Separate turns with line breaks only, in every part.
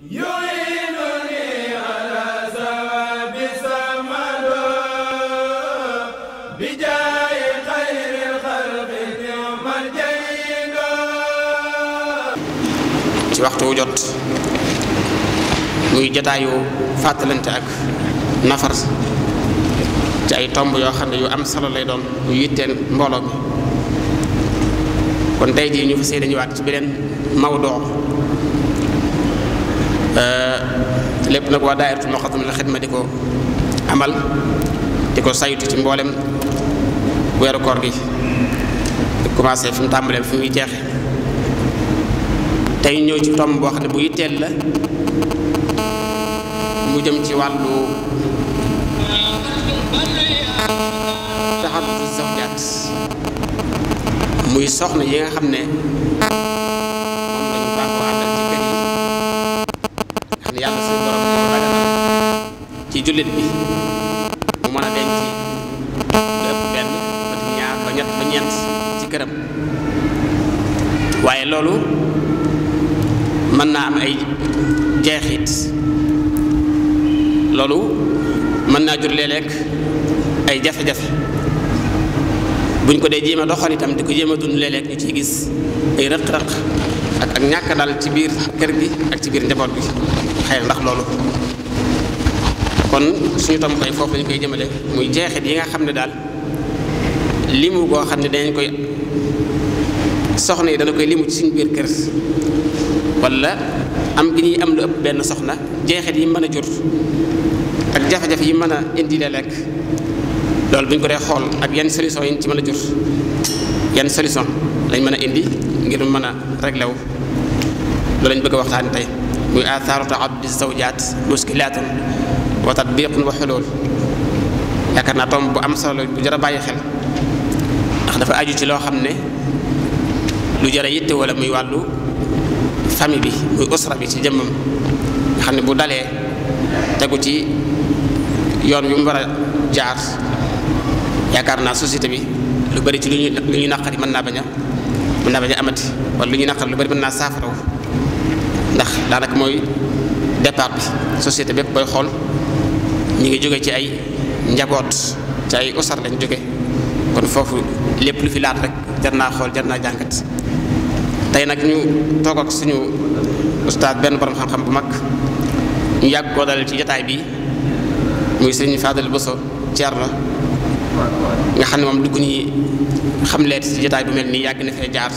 ci
waxtu wu jot muy jotaayu fàttalante ak nafar ci ay tomb yoo xam ne yu am solo lay doon yu yitteen mbooloo mi kon tey di ñu fas yéene ñëwaat ci beneen mawdoo Euh, lépp nag waa daayiratu Muxaddamatul Xidma di ko amal di ko saytu ci mboolem weeru koor gi di commencé fi mu tàmbalee fi muy jeexe tey ñëw ci tomb boo xam ne bu yitteel la mu jëm ci wàllu taxatu zawjaat muy soxna yi nga xam ne ci jullit bi mu mën a denc lépp benn ba ñett ba ñeent ci këram waaye loolu mën naa am ay jeexit loolu mën naa jur léeg ay jafe-jafe buñ ko dee jéem a doxal itam di ko jéem a dund léeg-léeg ci gis ay rëq-rëq ak ñàkk daal ci biir kër gi ak ci biir njaboot bi xëy ndax loolu kon suñu tomb tey foofu lañ koy jëmale muy jeexit yi nga xam ne daal limu goo xam ne dañ koy soxna yi dana koy limu ci suñu biir kër wala am gi ñuy am lu ëpp benn soxna jeexit yi mën a jur ak jafe-jafe yi mën a indi lekk loolu bu ñu ko dee xool ak yan solution yi ci mën a jur yan solution lañ mën a indi ngir mën a réglé wu loolu lañ bëgg a waxtaan tey muy athaaru ta'addudi zawjaat muskilaatun wa tatbiqun wa xulul yaakaar naa tomb bu am solo bu jar a bàyyi xel ndax dafa aju ci loo xam ne lu jara a yitte wala muy wàllu famille bi muy usra bi ci jëmmam xam ne bu dalee tegu ci yoon wi mu war a jaar yaakaar naa société bi lu bari ci lu ñuy lu naqari mën naa bañ a mën naa bañ a amati wala lu ñuy naqari lu bari mën naa saafaraw ndax daanaka mooy départ bi société bépp booy xool ñu ngi jóge ci ay njaboot ci ay usar lañ jóge kon foofu lépp lu fi laat rek jar naa xool jar naa jàngat tey nag ñu toog suñu ustaas benn borom xam-xam bu mag ñu yàgg koo dalal ci jotaay bi muy sëñ Fadel Bosso Thierno nga xam ne moom dugg ñi xam leet ci jotaay bu mel nii yàgg na fee jaar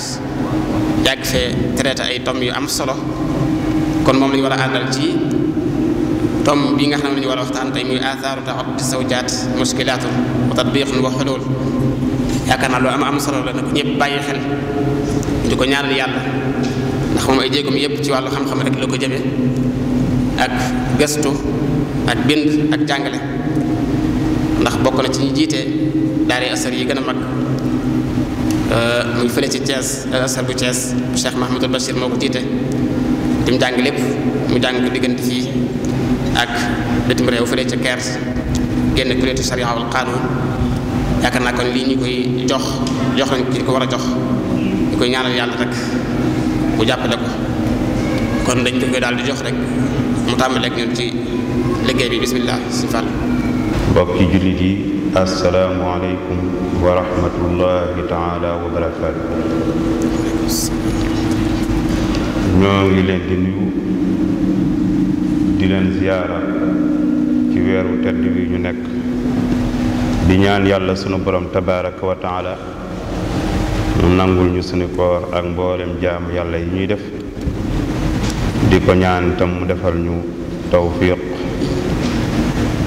yàgg fee traité ay tom yu am solo kon moom lañu war a àndal ci tom bi nga xam ne ñu war a waxtaan tey muy athaaru taabudi zawjaat muskilaatun wa tatbiqun wa xulul yaakaar naa loolu am am solo la na ñëpp bàyyi xel di ko ñaanal yàlla ndax moom ay jéegum yëpp ci wàllu xam-xam rek la ko jëme ak gëstu ak bind ak jàngale ndax bokk na ci ñu jiite daara asar yi gën a mag muy fële ci Thiès asar bu Thiès Cheikh Mahamadul Bachir moo ko jiite dim jàng lépp mu jàng ko diggante fii ak bitim réew fële ca Caire génn pilote charia wal qanun yaakaar naa kon lii ñu koy jox jox lañ ki ko war a jox ñu koy ñaanal yàlla rek mu jàppale ko kon dañ ko koy daal di jox rek mu tàmbale ak ñun ci liggéey bi bismillah si fàll
mbokki jullit yi asalaamualeykum wa rahmatullahi taala wa barakaatu ñoo ngi leen di nuyu leen ziyaara ci weeru tedd wi ñu nekk di ñaan yàlla sunu boroom tabaraka wa taala mu nangul ñu sunu koor ak mbooreem jaam yàlla yi ñuy def di ko ñaan tam mu defal ñu tawfiq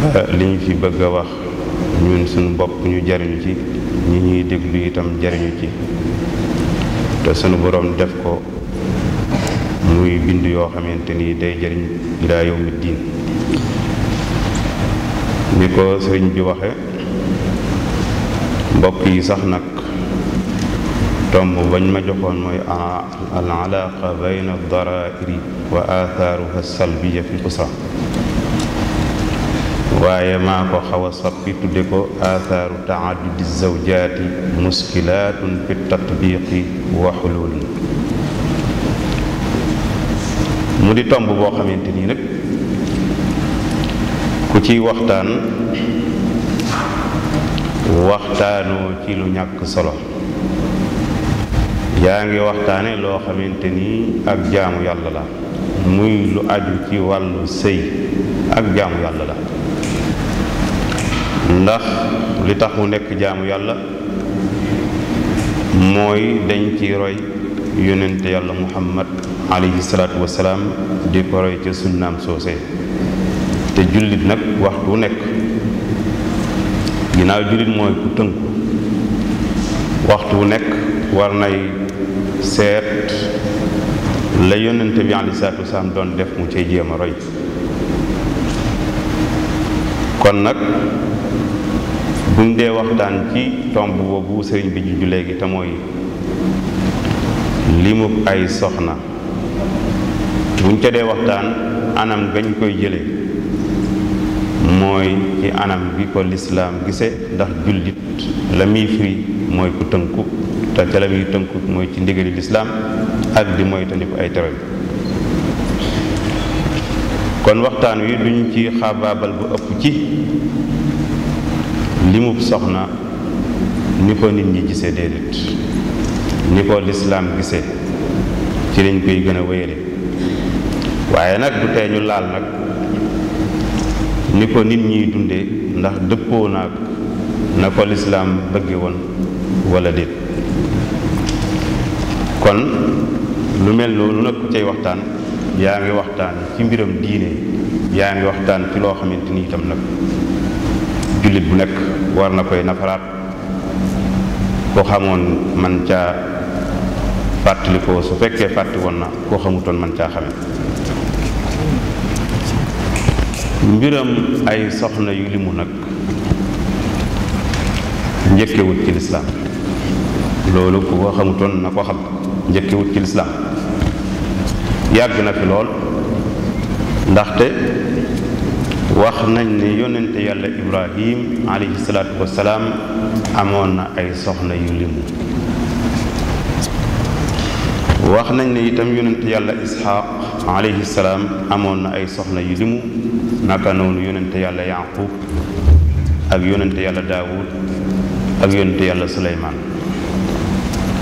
ba li ñu fi bëgg a wax ñun suñu bopp ñu jariñu ci ñi ñuy déglu itam jariñu ci te sunu boroom def ko muy bind yoo xamante ni day jëriñ ilaa yawmi diin ni ko sëriñ bi waxe bokk yi sax nag tomb bañ ma joxoon mooy al alaaqa bayna darairi wa athaaruha salbiya fi usra waaye maa ko xaw a soppi tudde ko athaaru taadudi zawjaati muskilaatun fi tatbiqi wa xuluuli di tomb boo xamante nii nag ku ciy waxtaan waxtaanoo ci lu ñàkk solo yaa ngi waxtaane loo xamante ni ak jaamu yàlla la muy lu aju ci wàllu sëy ak jaamu yàlla la ndax li tax mu nekk jaamu yàlla mooy dañ ci roy yonente yàlla muhammad alayhi salaatu wasalaam di ko roy ca sunnaam soosee te jullit nag waxtu wu nekk ginnaaw jullit mooy ku tënku waxtu wu nekk war nay seet la yonente bi alayhi salaatu wasalaam doon def mu cay jéem a roy kon nag buñ dee waxtaan ci tomb boobu sëriñ bi jujju léegi te mooy limu ay soxna buñ ca dee waxtaan anam gañ koy jële mooy ci anam bi ko lislaam gise ndax jullit la muy firi mooy ku tënku te ca tënku mooy ci ndigali lislaam ak di mooy tandiku ay tere kon waxtaan wi duñ ci xaabaabal bu ëpp ci limub soxna ni ko nit ñi gisee déedéet ni ko lislaam gisee ci lañ koy gën a wéyale waaye nag du tee ñu laal nag ni ko nit ñuy dunde ndax dëppoo naag na ko lislaam bëgge woon wala déet kon lu mel noonu nag ku waxtaan yaa ngi waxtaan ci mbiram diine yaa ngi waxtaan ci loo xamante ni itam nag jullit bu nekk war na koy nafaraat ko xamoon man caa fàttali ko su fekkee fàtti woon na koo xamutoon man caa xame mbiram ay soxna yu limu nag njëkkewut ci lislaam loolu ku ko xamutoon na ko xam njëkkewut ci lislaam yàgg na fi lool ndaxte wax nañ ne yonente yàlla ibrahim alayhi salaatu wasalaam amoon na ay soxna yu limu wax nañ ne itam yonent yàlla isxaaq salaam amoon na ay soxna yu limu naka noonu yonent yàlla yaqub ak yonent yàlla daawud ak yonent yàlla suleymaan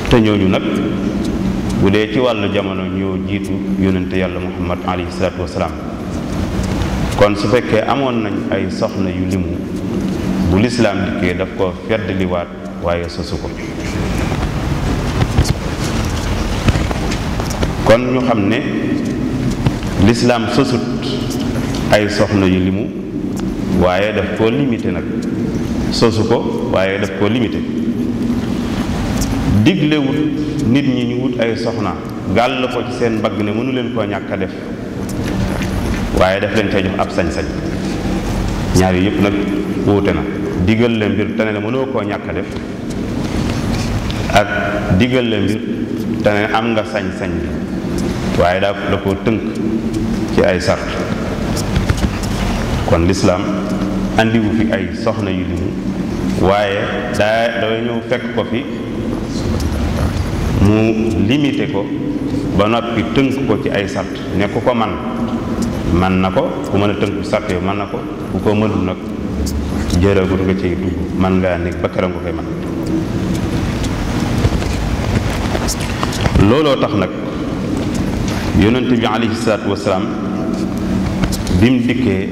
te ñooñu nag bu dee ci wàllu jamono ñoo jiitu yonent yàlla muhammad alayhi salaatu salaam kon su fekkee amoon nañ ay soxna yu limu bu lislaam dikkee daf ko fedd liwaat waaye sosu ko kon ñu xam ne lislaam sosut ay soxna yu limu waaye daf koo limité nag sosu ko waaye daf koo limité diglewut nit ñi ñu wut ay soxna la ko ci seen mbagg ne mënu leen koo ñàkk def waaye daf leen cay jox ab sañ-sañ ñaar yëpp nag wuute na digal la mbir tane ne mënoo koo ñàkk a def ak digal la mbir tane am nga sañ-sañ bi waaye daa la ko tënk ci ay sart kon lislaam andiwu fi ay soxna yu limu waaye daa dafay ñëw fekk ko fi mu limité ko ba noppi tënk ko ci ay sart ne ku ko man man na ko ku mën a tënk sart yow man na ko ku ko mënul nag jëragut nga ciy dugg man ngaa nekk ba keroog nga koy man looloo tax nag yonent bi alayhi salaatu wasalaam bi mu dikkee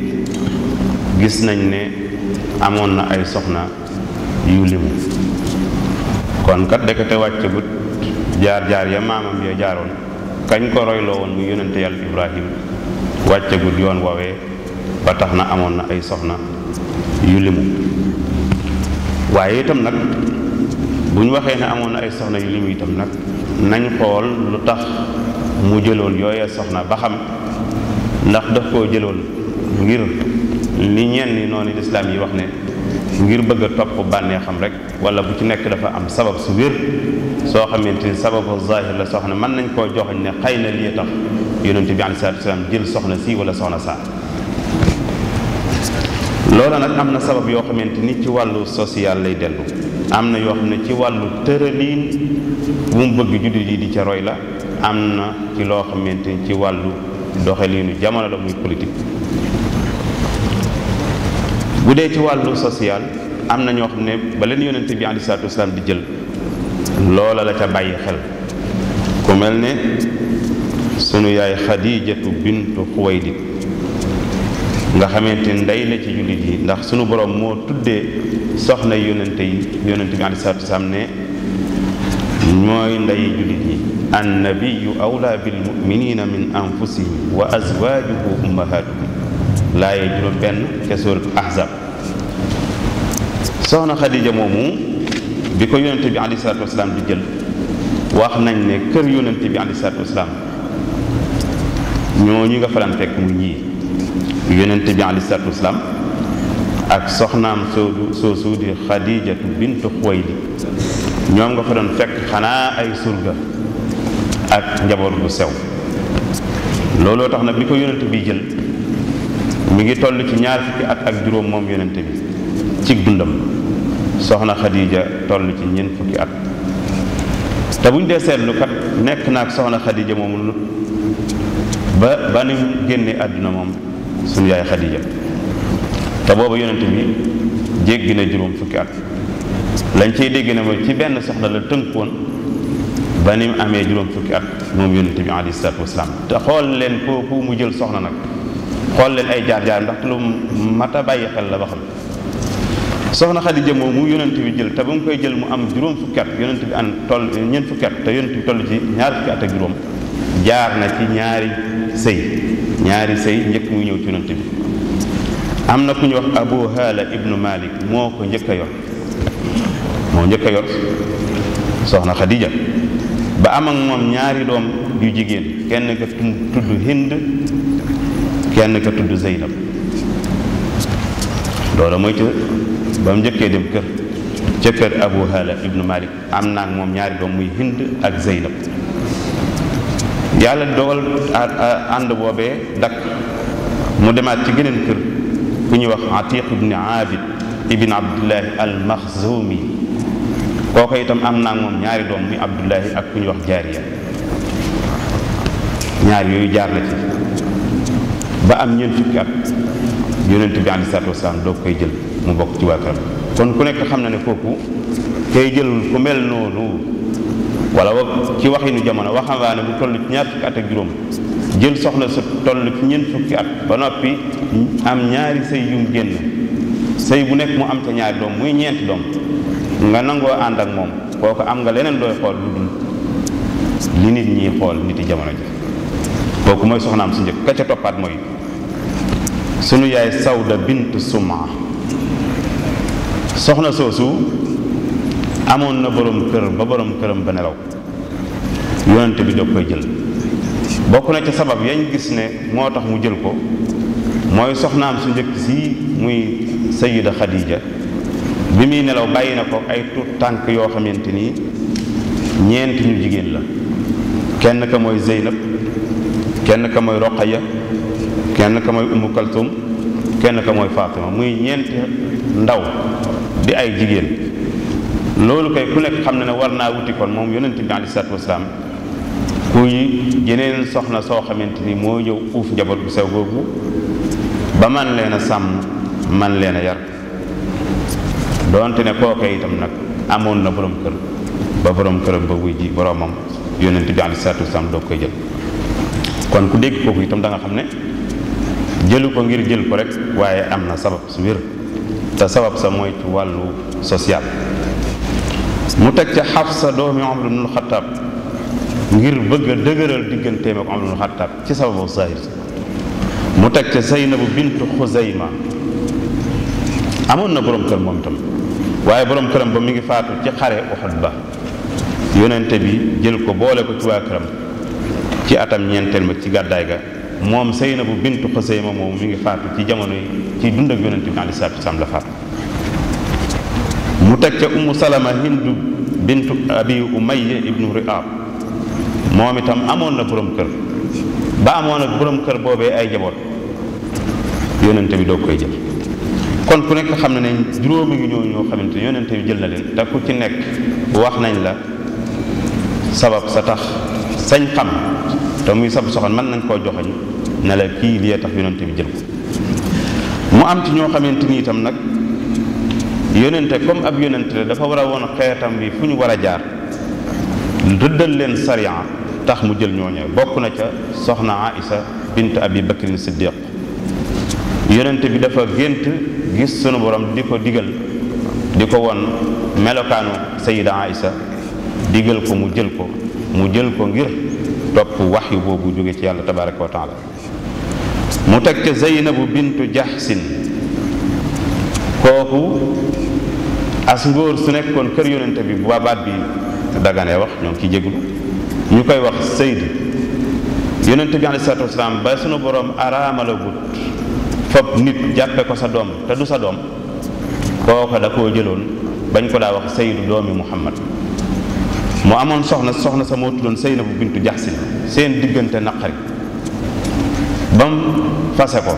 gis nañ ne amoon na ay soxna yu limu kon kat dekate wàccagut jaar-jaar ya maamam ya jaaroon kañ ko royloo woon mu yonente yàlla ibrahim wàccagut yoon woowee ba tax na amoon na ay soxna yu limu waaye itam nag bu ñu waxee ne amoon na ay soxna yu limu itam nag nañ xool lu tax mu jëloon yooya soxna ba xam ndax daf koo jëloon ngir li ñenn ni noonu lislaam yi wax ne ngir bëgg a topp bànneexam rek wala bu ci nekk dafa am sabab su wér soo xamante ni sababu zahir la soxna mën nañ koo joxoñ ne xëy na lii tax yonent bi alei jël soxna si wala soxna saa loola nag am na sabab yoo xamante ni ci wàllu social lay dellu am na yoo xam ne ci wàllu tëraliin bu mu bëgg juddi yi di ca roy la am na ci loo xamante ci wàllu doxaliinu jamono la muy politique bu dee ci wàllu social am na ñoo xam ne ba leen yonente bi aleyhi salaatu di jël loola la ca bàyyi xel ku mel ne sunu yaay xadijatu bintu xuwaylid nga xamante ndey la ci jullit yi ndax suñu borom moo tuddee soxna yonente yi yonente bi aleyhi salaatu ne mooy ndey jullit yi annabiyu awla bilmuminina min anfusihim wa azwajuhu ummahatuhum laaye juróom benn ca sóorat ahzab soxna xadija moomu bi ko yonente bi alei salatu nañ ne kër bi alei salatu ñi nga faran fekk bi alei salatu wasalaam ak soxnaam soodu soosu di xadijatu bintu xuwayli ñoom nga fa doon fekk xanaa ay surga ak njaboot bu sew looloo tax nag bi ko yonent bi jël mu ngi toll ci ñaar fukki at ak juróom moom yonent bi ci dundam soxna Khadija toll ci ñeent fukki at te buñ dee seetlu kat nekk naag soxna Khadija moomu lu ba ba ni génne àdduna moom suñu yaay Khadija te booba yonent bi jéggi na juróom fukki at lañ cey dégg ne mooy ci benn soxna la tënkoon ba ni mu amee juróom fukki at moom yonent bi te xool leen kooku mu jël soxna nag xool leen ay jaar-jaar ndax lu bàyyi xel la ba xam soxna Xadija moom mu yonent bi jël te ba mu koy jël mu am juróom fukki at an toll ñeent fukki te yonent bi toll ci ñaar fukki at jaar na ci ñaari sëy ñaari sëy njëkk muy ñëw ci yonent am na ku ñu wax Abu Haala ibnu Malik moo ko njëkk a yor moo njëkk yor soxna Xadija ba am ak moom ñaari doom yu jigéen kenn ka tudd hind kenn ka tudd zeynab loola mooy ca ba mu njëkkee dem kër ca kër abu hala ibnu malik am naa moom ñaari doom muy hind ak zeynab yàlla dogal ànd boobee dakk mu demaat ci geneen kër ku ñuy wax atiq ibni abid ibn abdullahi al kooku itam am naa moom ñaari doom muy Abdullahi ak ku ñu wax jaariya ñaar yooyu jaar na ci ba am ñeent fukki at yonent bi aleyhi salaatu wasalaam doo koy jël mu bokk ci waa këram kon ku nekk xam na ne kooku koy jël ku mel noonu wala ci waxinu jamono waxambaane bu toll ci ñaar fukki at ak juróom jël soxna su toll ci ñeent fukki at ba noppi am ñaari sëy yum génn sëy bu nekk mu am ca ñaari doom muy ñeenti doom nga nangoo ànd ak moom kooku am nga leneen looy xool lu dul li nit ñiy xool nit jamono ji kooku mooy soxnaam su njëkk toppaat mooy sunu yaay sawda bint suma soxna soosu amoon na borom kër ba ba nelaw yonent bi dog koy bokk na ca sabab yañ gis ne moo tax mu jël ko mooy soxnaam su njëkk si muy sayida xadija bi muy nelaw bàyyi na ko ay tuut tànk yoo xamante ni ñeent ñu jigéen la kenn ka mooy Zeynab kenn ka mooy Roqaya kenn ka mooy Umu Kaltum kenn ka mooy Fatima muy ñeent ndaw di ay jigéen loolu kay ku nekk xam na ne war naa wuti kon moom yonent bi aleyhi salaatu wasalaam kuy jeneen soxna soo xamante ni moo ñëw uuf njaboot bu sew boobu ba man leen a sàmm man leen a yar doonte ne kookee itam nag amoon na borom kër ba borom këram ba wuy ji boromam yonent bi aleyhi salaatu wasalaam doo koy jël kon ku dégg kooku itam da xam ne jëlu ko ngir jël ko waaye am na sabab su wér te sabab sa mooy ci wàllu social mu teg ca sa doomi Umar ibnul Xattaab ngir bëgg a dëgëral digganteem ci sababu zahir mu teg ca Saynabu bintu Xuzayma amoon na boroom kër moom itam waaye boroom këram ba mi ngi faatu ci xare Uhud ba yonente bi jël ko boole ko ci waa këram ci atam ñeenteel ma ci gàddaay ga moom sëy na Saynabu bintu Xuseyma moom mi ngi faatu ci jamono yi ci dund ak yonente bi alayhi salaatu wasalaam la mu teg ca Ummu Salama Hindu bintu Abi Umayya ibnu Riab moom itam amoon na borom kër ba amoon ak borom kër boobee ay jaboot yonente bi doog koy jël kon ku nekk xam na ne juróomi ngi ñoo ñoo xamante ne yonente bi jël na leen te ku ci nekk wax nañ la sabab sa tax sañ xam te muy sab soxan man nañ koo joxañ ne la kii lii tax yonente bi jël ko mu am ci ñoo xamante ni itam nag yonente comme ab yonente la dafa war a woon xeetam bi fu ñu war a jaar rëddal leen sariya tax mu jël ñooñu bokk na ca soxna Aïsa bint Abi Bakrin Siddiq yonente bi dafa gént gis sunu borom di ko digal di ko won melokaanu sayida Aïsa digal ko mu jël ko mu jël ko ngir topp waxyu boobu jóge ci yàlla tabaraka wa taala mu teg ca Zeynabu bintu Jaxsin kooku as ngóor su nekkoon kër yonente bi bu baat bi daganee wax ñoo ngi ciy ñu koy wax Seyd yonente bi alei salatu wasalaam ba sunu borom araamala gut fab nit jàppe ko sa doom te du sa doom kooka da koo jëloon bañ ko daa wax sayyidu doomi muhammad mu amoon soxna soxna sa moo tuddoon Saynabu bintu Jaxsin seen diggante naqari ba mu fase ko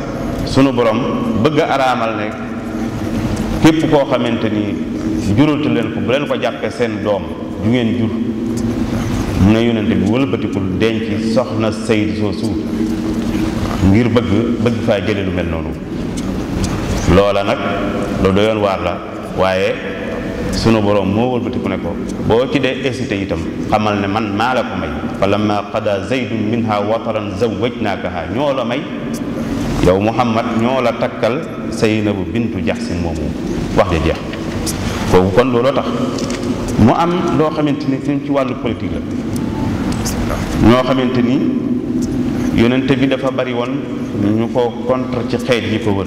sunu borom bëgg araamal ne képp koo xamante ni juraltu leen ko bu leen ko jàppee seen doom ju ngeen jur mu ne yonente bi wëlbatikul denc soxna Sayd soo suur ngir bëgg bëgg faa jële lu mel noonu loola nag lu doyoon waar la waaye sunu borom moo wëlbatiku ne ko boo ci dee hésité itam xamal ne man maa la ko may fa lamma qada zaydun minha wataran zawwajnaakaha ñoo la may yow muhammad ñoo la takkal saynabu bintu jaxsin moomu wax ja jeex kooku kon looloo tax mu am loo xamante ni ci wàllu politique la ñoo xamante ni yonent bi dafa bari woon ñu ko contre ci xeet yi ko wër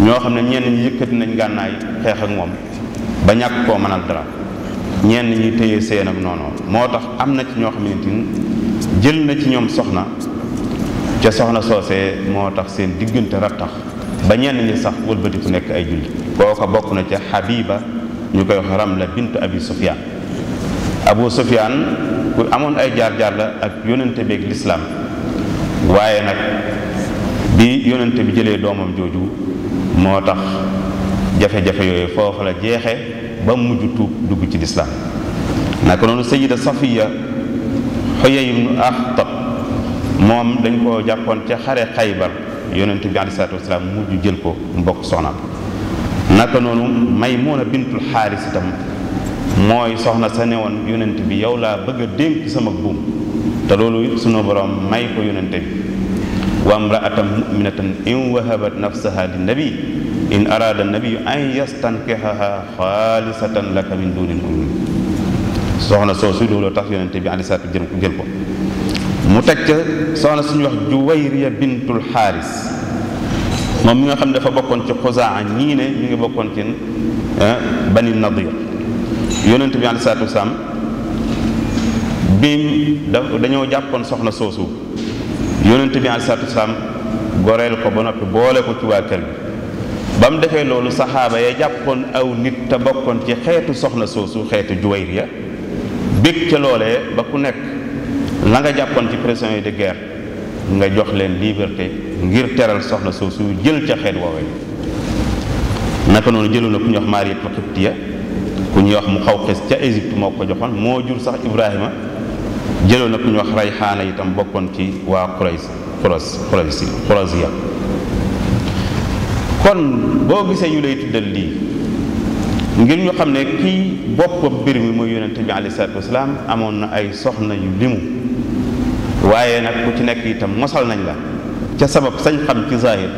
ñoo xam ne ñenn ñi yëkkati nañ gànnaay xeex ak moom ba ñàkk koo mënal dara ñenn ñi téye seen ak noonu moo tax am na ci ñoo xamante ni jël na ci ñoom soxna ca soxna soosee moo tax seen diggante rattax ba ñenn ñi sax wëlbati ku nekk ay julli kooka bokk na ca Habiba ñu koy ram Ramla bintu Abi Sufyaan Abu Sufyaan ku amoon ay jaar-jaar la ak yonente beeg lislaam waaye nag bi yonent bi jëlee doomam jooju moo tax jafe-jafe yooyu foofu la jeexe ba mu mujj tuub dugg ci lislaam naka noonu sayida safiya xoyey ibnu axtab moom dañ ko jàppoon ca xare xaybal yonent bi alei salatu wasalaam mujj jël ko mbokk soxnaam naka noonu maymuna bintul xaaris itam mooy soxna sa newoon yonent bi yow laa bëgg dénk sama buum te loolu it sunu borom may ko yonente bi wa amraatan muminatan in wahabat nafsaha li nabi in araada nabiyu an yastankihaha xaalisatan laka min dunil muminin soxna soosu looloo tax yonente bi alei salaatu jël jël ko mu teg ca soxna suñu wax juwayriya bintul xaaris moom mi nga xam ne dafa bokkoon ci xuzaa ñii ne mi ngi bokkoon ci eh, bani nadir biim da dañoo jàppoon soxna soosu yonent bi aleyhi salaatu goreel ko ba noppi boole ko ci waa kër gi ba mu defee loolu saxaaba ya jàppoon aw nit te bokkoon ci xeetu soxna soosu xeetu ya bég ca loole ba ku nekk la nga jàppoon ci prisonniers de guerre nga jox leen liberté ngir teral soxna soosu jël ca xeet woowee naka noonu jëloon na ku ñuy wax Marie Qibtiya ku ñuy wax mu xaw xis ca Égypte moo ko joxoon moo jur sax Ibrahima jëloon nag ku ñu wax xaana rayxaana tam bokkoon ci waa xurays xuras xuraysi xurasiya kon boo gisee ñu lay tuddal lii ngir ñu xam ne kii bopp mbir mi muy yonente bi alayhi salaatu wasalaam amoon na ay soxna yu limu waaye nag ku ci nekk itam mosal nañ la ca sabab sañ xam ci zahir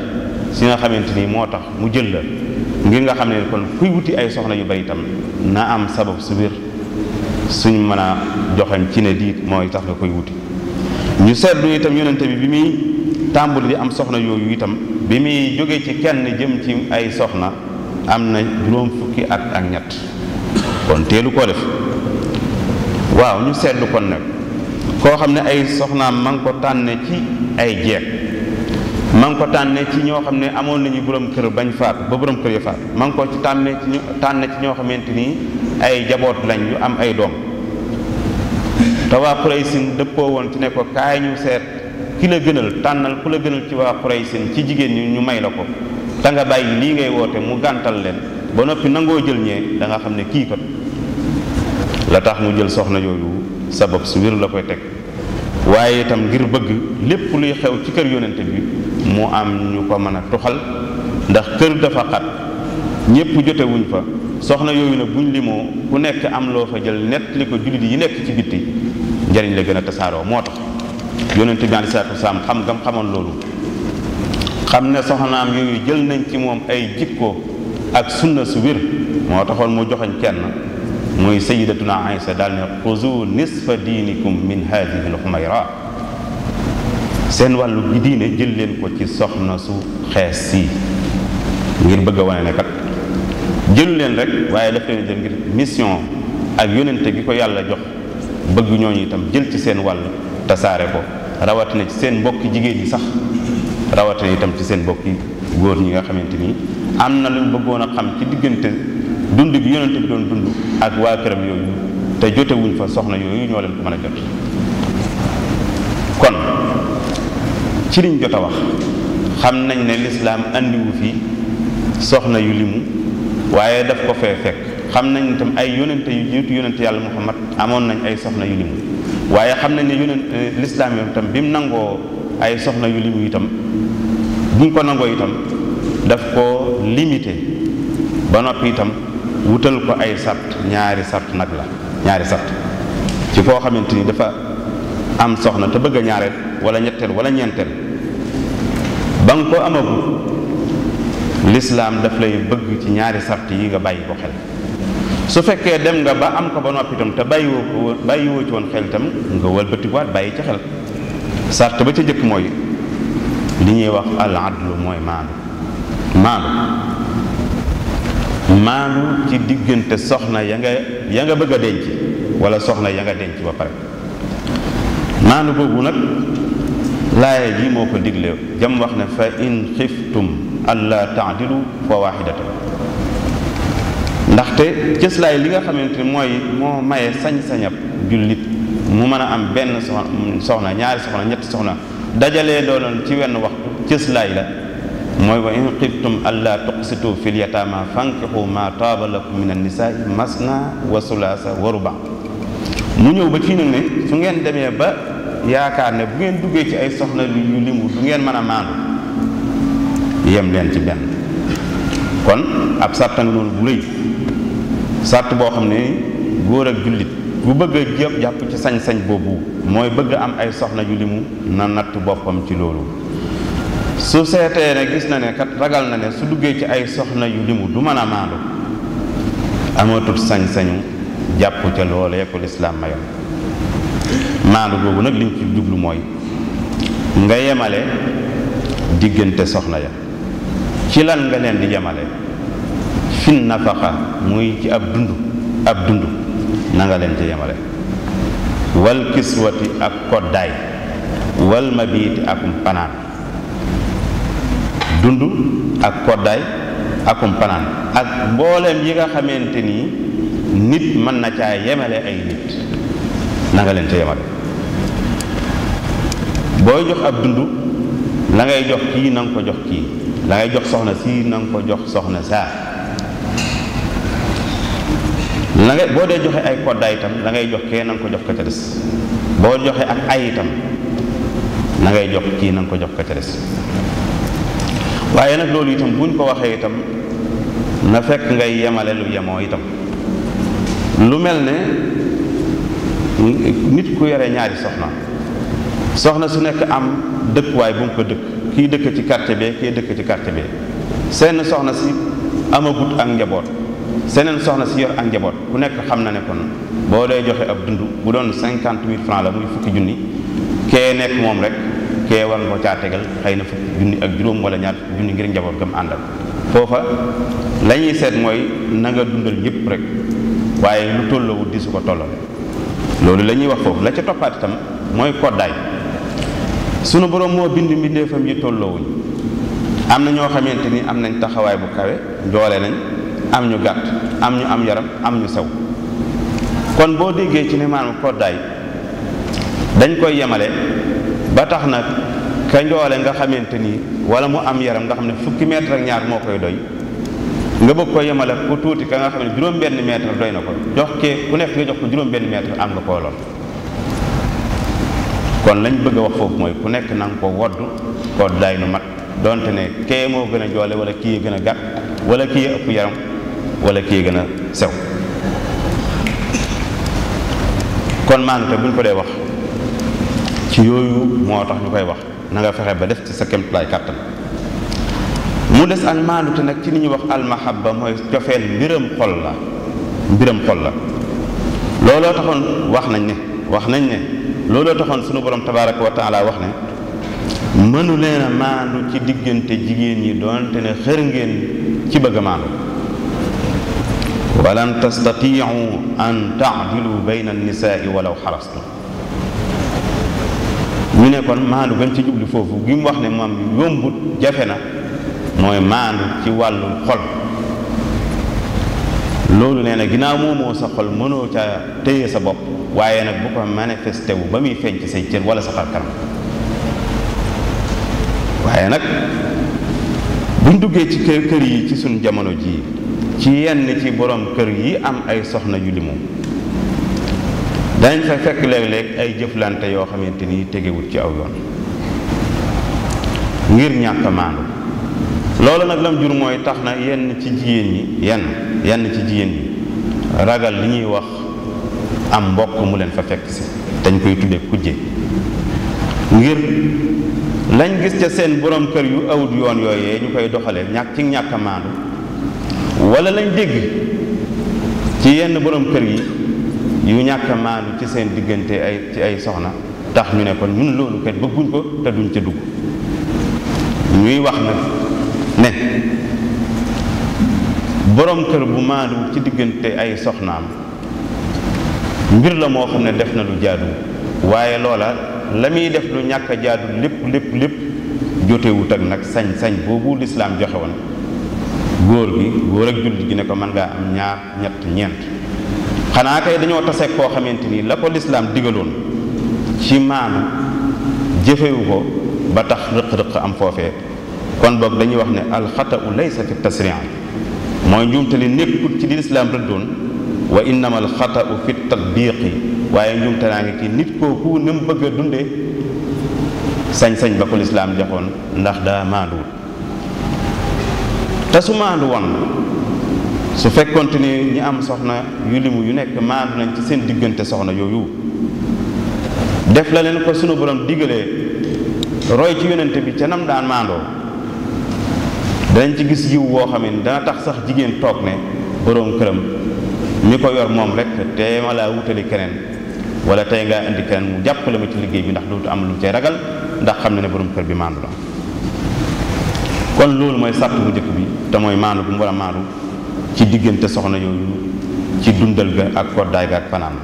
si nga xamante ni moo tax mu jël la ngir nga xam ne kon kuy wuti ay soxna yu bari itam na am sabab su biir suñ mën a joxem ci ne diit mooy tax nga koy wuti ñu seetlu itam yonente bi muy tàmbali bi am soxna yooyu itam bi muy jóge ci kenn jëm ci ay soxna am na juróom fukki at ak ñett kon teelu koo def waaw ñu seetlu kon nag koo xam ne ay soxnaam ma ngi ko tànne ci ay jeeg ma ngi ko tànne ci ñoo xam ne amoon nañu borom kër bañ faatu ba borom kër ya faatu ma ngi ko ci tànne ci tànne ci ñoo xamante nii ay jaboot lañ yu am ay doom te waa Quraysin dëppoo woon ci ne ko kaay ñu seet ki la gënal tànnal ku la gënal ci waa Quraysin ci jigéen ñi ñu may la ko te nga bàyyi lii ngay woote mu gàntal leen ba noppi nangoo jël ñee danga xam ne kii kat la tax mu jël soxna yooyu sabab su wér la koy teg waaye itam ngir bëgg lépp luy xew ci kër yonente bi mu am ñu ko mën a tuxal ndax kër dafa xat ñépp jotewuñ fa soxna yooyu nag buñ limoo ku nekk am loo fa jël nettali ko jullit yi nekk ci bitti njariñ la gën a tasaaroo moo tax yonent bi aleyhi salaatu wasalaam xam gam xamoon loolu xam ne soxnaam yooyu jël nañ ci moom ay jikko ak sunna su wér moo taxoon mu joxañ kenn muy sayidatuna Aysa daal ne xuzu nisfa diinikum min hadihi l xumayra seen wàllu gi diine jël leen ko ci soxna su xees si ngir bëgg a wane nekkat jëlu leen rek waaye daf leen jël ngir mission ak yónnente gi ko yàlla jox bëgg ñooñu itam jël ci seen wàll tasaare ko rawatina ci seen mbokki jigéen yi sax rawatina itam ci seen mbokki góor ñi nga xamante ni am na luñ bëggoon a xam ci diggante dund bi yónnente bi doon dund ak waa këram yooyu te jotewuñ fa soxna yooyu ñoo leen ko mën a jot kon ci liñ jot a wax xam nañ ne lislaam andiwu fi soxna yu limu waaye daf ko fee fekk xam nañ itam ay yónente yu jiitu yónente yàlla muhammad amoon nañ ay soxna yu limu waaye xam nañ ne yónent euh, lislaam yi itam bi mu nangoo ay soxna yu limu itam bu ñu ko nangoo itam daf ko limité ba noppi itam wutal ko ay sart ñaari sart nag la ñaari sart ci koo xamante ni dafa am soxna te bëgg a ñaareel wala ñetteel walla ñeenteel ba nga ko amagu lislaam daf lay bëgg ci ñaari sart yi nga bàyyi ko xel su fekkee dem nga ba am ko ba noppi itam te bàyyiwoo ko bàyyiwoo ci woon xel itam nga wëlbatikuwaat bàyyi ci xel sart ba ca jëkk mooy li ñuy wax al mooy maandu maandu maandu ci diggante soxna ya nga ya nga bëgg a denc wala soxna ya nga denc ba pare maandu boobu nag laaya ji moo ko digle jam wax ne fa in xiftum alla taadilu fa waaxidatan ndaxte cëslaay li nga xamante ni mooy moo maye sañ-sañab jullit mu mën a am benn soxna ñaari soxna ñetti soxna dajalee doonoon ci wenn waxtu cëslaay la mooy wa in xiftum allaa tuqsitu fil yataama fankixu ma taaba lakum min annisaai masna wa sulaasa wa ruba mu ñëw ba fii nag ne su ngeen demee ba yaakaar ne bu ngeen duggee ci ay soxna yu limu du ngeen mën a maandu yem leen ci benn kon ab sàrt nga noonu bu rëy sàrt boo xam ne góor ak jullit bu bëggee a jàpp ci sañ-sañ boobu mooy bëgg am ay soxna ju limu na natt boppam ci loolu su seetee ne gis na ne kat ragal na ne su duggee ci ay soxna yu limu du mën a maandu amatul sañ-sañu jàpp ca loolee ko lislaam mayoon maandu boobu nag liñ ci jublu mooy nga yemale diggante soxna ya ci lan nga leen di jamale fi nafaqa muy ci ab dund ab dund nanga nga leen ci yemale wal kiswati ak koddaay wal mabiiti akum panaan dund ak koddaay akum panaan ak mbooleem yi nga xamante nii nit mën na caa yemale ay nit na nga leen ca yemale booy jox ab dund la ngay jox kii na nga ko jox kii la ngay jox soxna si na nga ko jox soxna saa la boo dee joxe ay koddaa itam la ngay jox kee na nga ko jox ko ca des boo joxe ak ay itam na ngay jox kii na nga ko jox ka ca des waaye nag loolu itam buñ ko waxee itam na fekk ngay yemale lu yemoo itam lu mel ne nit ku yore ñaari soxna soxna su nekk am dëkkuwaay bu mu ko dëkk kii dëkk ci quartier be kii dëkk ci quartier bee seen soxna si amagut ak njaboot seneen soxna si yor ak njaboot ku nekk xam na ne kon boo dee joxe ab dund bu doon cinquante mille francs la muy fukki junni kee nekk moom rek kee war nga ko caa tegal xëy na fukki junni ak juróom wala ñaar fukki junni ngir njaboot gam àndal foofa lañuy seet mooy na nga dundal ñëpp rek waaye lu tolloowu di su ko tollal loolu la ñuy wax foofu la ca toppaat itam mooy koddaay sunu borom moo bind mbindéefam yi tolloowuñ am na ñoo xamante ni am nañ taxawaay bu kawe doole nañ am ñu gàtt am ñu am yaram am ñu sew kon boo déggee ci ne maanaam koddaay dañ koy yemale ba tax nag ka njoole nga xamante nii wala mu am yaram nga xam ne fukki mètre ak ñaar moo koy doy nga bëgg ko yemale ku tuuti ka nga xam ne juróom benn mètre doy na ko jox kee ku nekk nga jox ko juróom benn mètre am nga koo lool kon lañ bëgg a wax foofu mooy ku nekk na nga ko wodd ko daay lu mat donte ne kee moo gën a joole wala kii gën a gàtt wala kii ëpp yaram wala kii gën a sew kon maanute buñ ko dee wax ci yooyu moo tax ñu koy wax na nga fexe ba def ci sa kemtulaay kàttan mu des ak maanute nag ci li ñuy wax almahabba mooy cofeel mbiram xol la mbiram xol la looloo taxoon wax nañ ne wax nañ ne looloo taxoon sunu borom tabaaraka wax ne mënu maandu ci diggante jigéen ñi doonte ne xër ngeen ci bëgg a maandu walan tastatiu an taadilu bayna annisaai walaw xarastu ñu ne kon ci jublu foofu gi wax ne moom yombut jafe na mooy maandu ci wàllu xol loolu nee na ginnaaw moomoo sa xol mënoo ca téye sa bopp waaye nag bu ko manifesté wu ba muy feeñ ci say cër wala sa xar waaye nag buñ duggee ci kër yi ci suñu jamono jii ci yenn ci borom kër yi am ay soxna yu limu dañ fa fekk léeg-léeg ay jëflante yoo xamante ni tegewut ci aw yoon ngir ñàkk maandu loolu nag lam jur mooy tax na yenn ci jigéen ñi yenn yenn ci jigéen yi ragal li ñuy wax am mbokk mu leen fa fekk si dañ koy tuddee kujje ngir lañ gis ca seen borom kër yu awut yoon yooyee ñu koy doxale ñàkk ci ñàkk maandu wala lañ dégg ci yenn borom kër yi yu ñàkk a maandu ci seen diggante ay ci ay soxna tax ñu ne kon ñun loolu kat bëgguñ ko te duñ ca dugg ñuy wax na ne borom kër bu maandu ci diggante ay soxnaam mbir la moo xam ne def na lu jaadu waaye loola la muy def lu ñàkk a jaadu lépp lépp lépp jotewut ak nag sañ-sañ boobu lislaam joxe woon góor gi góor ak jullit gi ne ko man ngaa am ñaar ñett ñeent xanaa kay dañoo tase koo xamante ni la ko lislaam digaloon ci maanu jëfewu ko ba tax rëq-rëq am foofee kon boog dañuy wax ne alxata u laysa fi tasrian mooy njuumte li ci li lislaam rëddoon wa innama alxatau fi tatbiqi waaye njuumte naa ngi ci nit kooku ni mu bëgg a dunde sañ-sañ ba ko lislaam joxoon ndax daa maanduwul te su maandu woon su fekkonte ni ñi am soxna yu limu yu nekk maandu nañ ci seen diggante soxna yooyu def la leen ko sunu borom digalee roy ci yonente bi ca nam daan maandoo danañ ci gis yiw woo xam ne dana tax sax jigéen toog ne borom këram mi ko yor moom rek te ma laa wutali keneen wala tey ngaa indi keneen mu jàppale ma ci liggéey bi ndax dootu am lu cay ragal ndax xam na ne borom kër bi maandu la kon loolu mooy sàrt bu njëkk bi te mooy maandu bu mu war a maandu ci diggante soxna yooyu ci dundal ga ak koddaay ga ak fanaan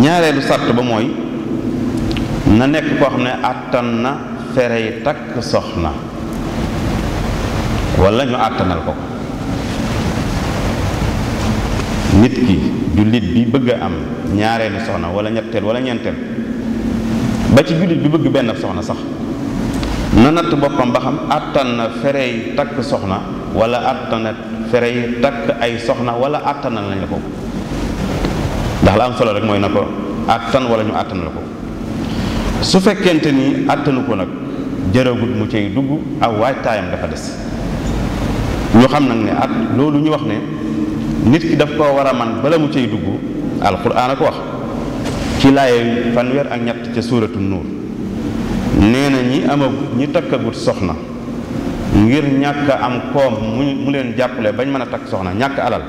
ñaareelu sàrt ba mooy na nekk koo xam ne àttan na ferey takk soxna wala ñu àttanal ko ko nit ki jullit bi bëgg a am ñaareelu soxna wala ñetteel wala ñeenteel ba ci jullit bi bëgg benn soxna sax na natt boppam ba xam attan na ferey takk soxna wala attan na ferey takk ay soxna wala attan na lañ ko ndax la am solo rek mooy na ko attan wala ñu attan la ko su fekkente ni àttanu ko nag jërëgut mu cay dugg aw waajtaayam dafa des ñu xam nag ne at loolu ñu wax ne. nit ki daf koo war a man bala mu cay dugg alquran a ko wax ci laaye fanweer ak ñett ca suuratu nuur nee na ñi ama ñi takkagut soxna ngir ñàkk am koom mu leen jàppale bañ mën a takk soxna ñàkk alal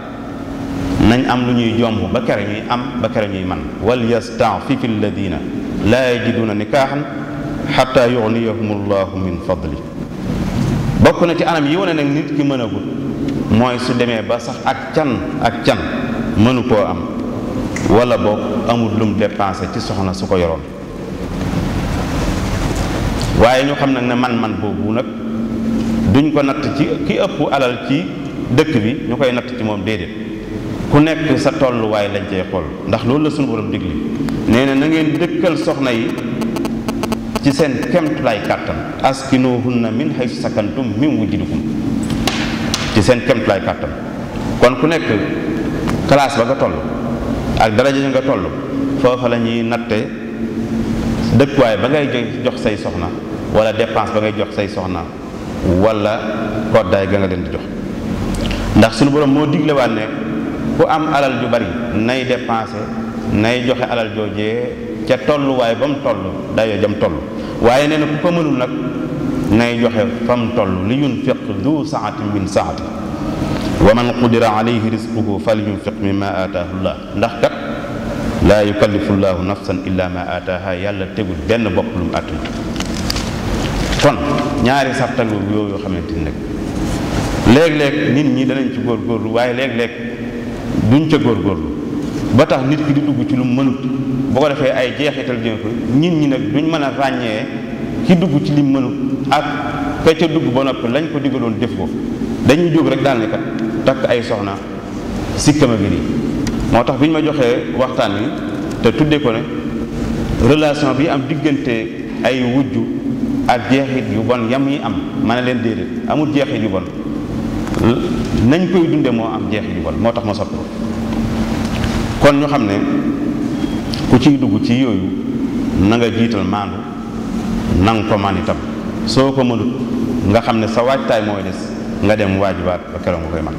nañ am lu ñuy jomb ba kere ñuy am ba kere ñuy man wal yastaafifi alladina laa yajiduuna nikaaxan xataa yugniyahum allahu min fadli bokk na ci anam yi wane nag nit ki mën a gut mooy su demee ba sax ak can ak can mënu koo am wala boog amut lum dépensé ci soxna su ko yoroon waaye ñu xam nag ne man-man boobu nag duñ ko natt ci ki ëpp alal ci dëkk bi ñu koy natt ci moom déedéet ku nekk sa tolluwaay lañ cey xool ndax loolu la suñu borom digli nee na ngeen dëkkal soxna yi ci seen kemtulaay kàttan na min haythu sakantum min wujudikum ci seen kemtulaay kàttan kon ku nekk classe ba nga toll ak daraja nga toll foofa la ñuy natte dëkkuwaay ba ngay jox say soxna wala dépense ba ngay jox say soxna walla koddaay ga nga leen di jox ndax suñu borom moo diglewaat ne ku am alal ju bari nay dépensé nay joxe alal joojee ca tolluwaay ba mu tollu dayoo jam toll waaye nee na ku ko mënul nag ngay joxe fam toll li yunfiq du saati min saati wa man qudira alayhi risquhu fal yunfiq mimma aataahu llah ndax kat laa yukallifu llaahu nafsan illa ma aataaha yàlla tegul benn bopp lu mu àttan kon ñaari sartango yooyu xamante ni nag léeg-léeg nit ñi danañ ci góor góorgóorlu waaye léeg-léeg duñ ca góor góorgóorlu ba tax nit ki di dugg ci lu mënut bu ko defee ay jeexital jëm fa nit ñi nag duñ mën a ràññee ki dugg ci lim mënut ak ka ca dugg ba noppi lañ ko digaloon def ko dañuy jóg rek daal ne takk ay soxna sikkama gi nii moo tax bi ñu ma joxee waxtaan wi te tuddee ko ne relation bi am diggante ay wujju ak jeexit yu bon yam yi am ma ne leen déedéet amul jeexit yu bon nañ koy dunde moo am jeexit yu bon moo tax ma soppi ko kon ñu xam ne ku ci dugg ci yooyu na nga jiital maandu na nga ko man itam soo ko mënut nga xam ne sa waajtaay mooy des nga dem waajubaat ba keroog nga koy man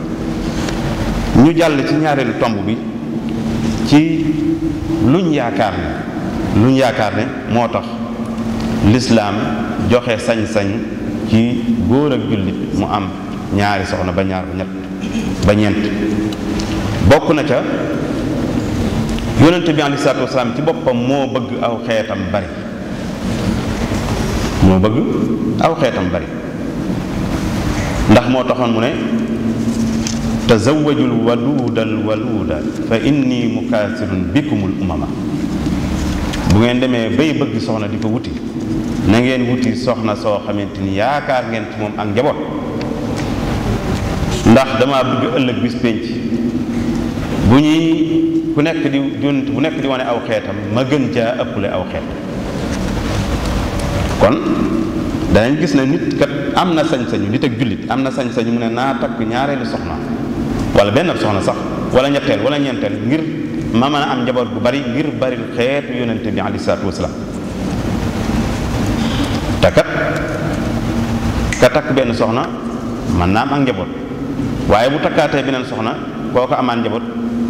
ñu jàll ci ñaareelu tomb bi ci luñ yaakaar ne luñ yaakaar ne moo tax lislaam joxe sañ-sañ ci góor ak jullit mu am ñaari soxna ba ñaar ba ñett bokk na ca yonente bi alei salaatu wasalaam ci boppam moo bëgg aw xeetam bari moo bëgg aw xeetam bari ndax moo taxoon mu ne tazawajul waludal waluda fa inni mukaasirun bikumul umama bu ngeen demee bay bëgg soxna di ko wuti na ngeen wuti soxna soo xamante ni yaakaar ngeen ci moom ak njaboot ndax dama bëgg ëllëg bis pénc bu ñuy ku nekk di junt bu nekk di wane aw xeetam ma gën ca ëppale aw xeet kon danañ gis na nit kat am na sañ-sañu nit ak jullit am na sañ-sañu mu ne naa takk ñaareelu soxna wala benn soxna sax wala ñetteel wala ñeenteel ngir ma mën a am njaboot bu bari ngir baril xeetu yonente bi alei salatu wasalaam te kat ka takk benn soxna man naa am ak njaboot waaye bu takkaatee beneen soxna kooko amaan njaboot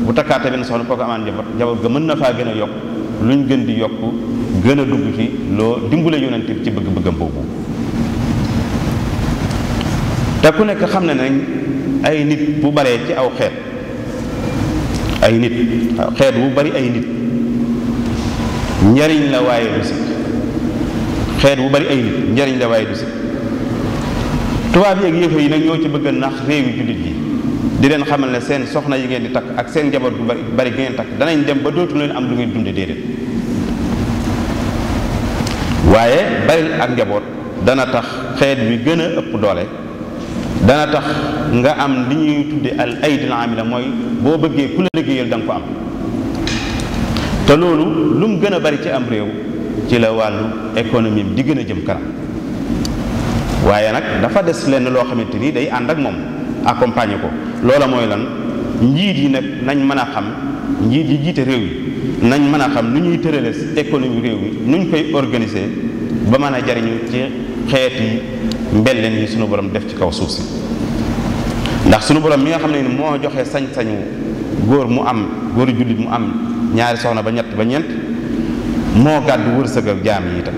bu takkaatee beneen soxna kooko amaan njaboot njaboot ga mën na faa gën a yokk luñ gën di yokk gën a dugg ci loo dimbale yonent bi ci bëgg-bëggam boobu te ku nekk xam ne nañ ay nit bu baree ci aw xeet ay nit xeet bu bari ay nit njariñ la waaye du si xeet bu bari ay nit njariñ la waaye du si tubaab yeeg yëfe yi nag ñoo ci bëgg a nax réew yi jullit yi di leen xamal ne seen soxna yi ngeen di takk ak seen jabar bu bari bari ngeen takk danañ dem ba dootu leen am lu ngeen dunde déedéet waaye baril ak njaboot dana tax xeet bi gën a ëpp doole dana tax nga am li ñuy tudde al aydil amila mooy boo bëggee ku la liggéeyal da nga ko am te loolu lu mu gën a bari ci am réew ci la wàllu économie bi di gën a jëm kanam waaye nag dafa des lenn loo xamante ni day ànd ak moom accompagner ko loola mooy lan njiit yi nag nañ mën a xam njiit yi jiite réew yi nañ mën a xam nu ñuy tërale économie réew mi nuñ koy organiser ba mën a jariñu ci xeeti mbelleen yi sunu borom def ci kaw suuf si ndax sunu borom mi nga xam ne ni moo joxe sañ-sañu góor mu am góor jullit mu am ñaari soxna ba ñett ba ñeent moo gàddu wërsëg ak jaam yi itam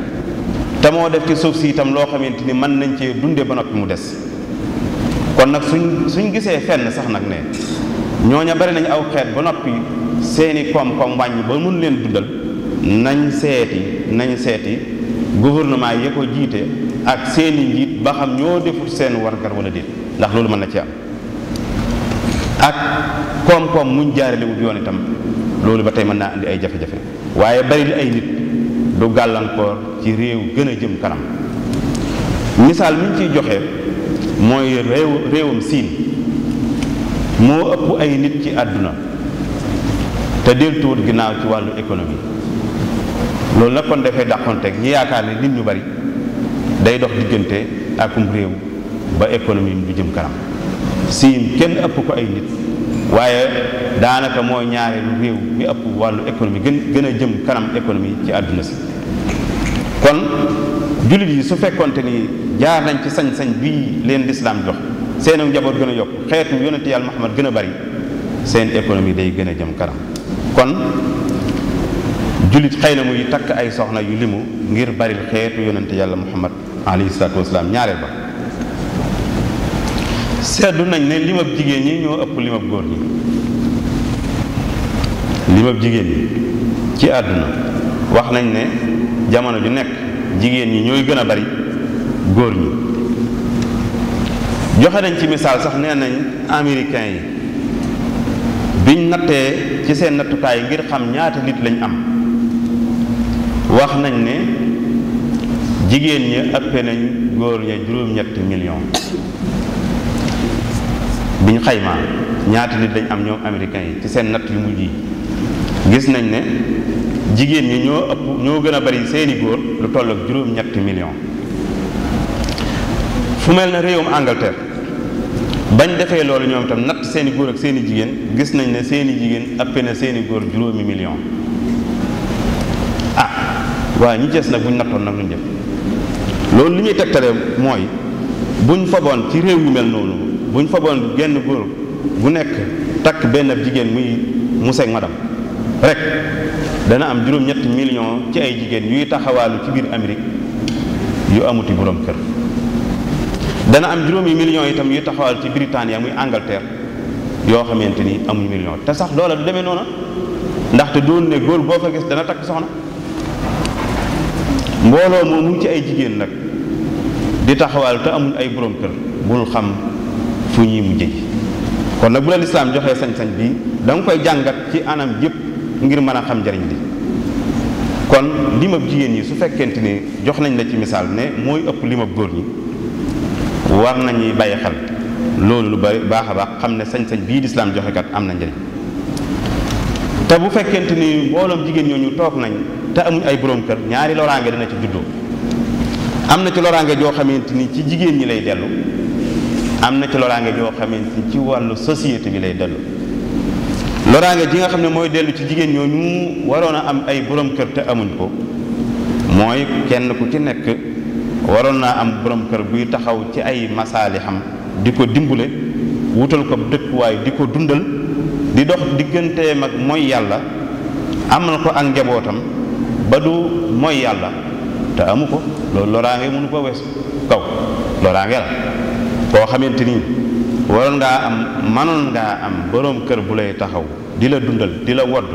te moo def ci suuf si itam loo xamante ni mën nañ cee dunde ba noppi mu des kon nag suñ suñ gisee fenn sax nag ne ñooña bari nañ aw xeet ba noppi seeni koom-koom wàññi ba mun leen dundal nañ seeti nañ seeti gouvernement yi ko jiite ak seeni njiit ba xam ñoo defut seen wargar wala déet ndax loolu mën na ci am ak koom-koom muñ jaarale wut yoon itam loolu ba tey mën naa indi ay jafe-jafe waaye bari li ay nit du gàllankoor ci réew gën a jëm kanam misaal mi ci ciy joxe mooy réew réewam siin moo ëpp ay nit ci àdduna te deltuwut ginnaaw ci wàllu économie loolu nag kon dafay dàqonteeg ñu yaakaar ne nit ñu bari day dox diggante akum réew ba économie bu jëm kanam siim kenn ëpp ko ay nit waaye daanaka mooy ñaareelu réew mi ëpp wàllu économie gën gën a jëm kanam économie ci àdduna si kon jullit yi su fekkonte ni jaar nañ ci sañ-sañ bii leen lislaam jox seenu njaboot gën a yokk xeetu yonente yàlla Muhammad gën a bari seen économie day gën a jëm kanam kon jullit xëy na muy takk ay soxna yu limu ngir baril xeetu yonente yàlla muhammad alayhi salaatu wasalaam ñaare ba seetlu nañ ne limab jigéen ñi ñoo ëpp limab góor ñi limab jigéen ñi ci àdduna wax nañ ne jamono ju nekk jigéen ñi ñooy gën a bari góor ñi joxe nañ ci misaal sax nee nañ américain yi biñ nattee ci seen nattukaay ngir xam ñaata nit lañ am wax nañ ne jigéen ñi ëppe nañ góor ña juróom-ñetti million biñ xaymaa ñaata nit lañ am ñoom américains yi ci seen natt yu mujj yi gis nañ ne jigéen ñi ñoo ëpp ñoo gën a bari seeni góor lu toll juróom-ñetti million fu mel ne réewum Angleterre bañ defee loolu ñoom itam natt seeni i góor ak seen jigéen gis nañ ne seen i jigéen ëpp seeni seen góor juróomi million a ah, waaye ñi des nag buñ nattoon nag luñ def loolu li ñuy tegtale mooy buñ faboon ci réew yu mel noonu buñ faboon genn góor gu nekk takk benn ab jigéen muy monsieur ak madame rek dana am juróom-ñetti million ci ay jigéen yuy taxawaalu ci biir Amérique yu amuti borom kër dana am juróomi millions itam yu taxawal ci Britannia muy Angleterre yoo xamante ni amuñ million te sax loola du demee noona ndaxte doon ne góor boo fa gis dana takk soxna mbooloo moom mu ci ay jigéen nag di taxawal te amuñ ay borom kër bul xam fu mu mujj kon nag bu la lislaam joxee sañ-sañ bi danga koy jàngat ci anam yëpp ngir mën a xam njariñ li kon limab jigéen ñi su fekkente ni jox nañ la ci misaal ne mooy ëpp limab góor ñi war nañuy bàyyi xel loolu lu bari baax a baax xam ne sañ-sañ bii lislaam joxe kat am na njëriñ te bu fekkente ni mbooloom jigéen ñooñu toog nañ te amuñ ay borom kër ñaari loraange dana ci juddoo am na ci loraange joo xamante ni ci jigéen ñi lay dellu am na ci loraange joo xamante ni ci wàllu société bi lay dellu loraange ji nga xam ne mooy dellu ci jigéen ñoo ñooñu waroon a am ay borom kër te amuñ ko mooy kenn ku ci nekk. waroon naa am boroom kër buy taxaw ci ay xam di ko dimbule wutal ko dëkkuwaay di ko dundal di dox digganteem ak mooy yàlla am na ko ak njabootam ba du mooy yàlla te amu ko loolu loraange mënu ko wees kaw loraange la koo xamante ni waroon ngaa am manoon ngaa am boroom kër bu lay taxaw di la dundal di la wodd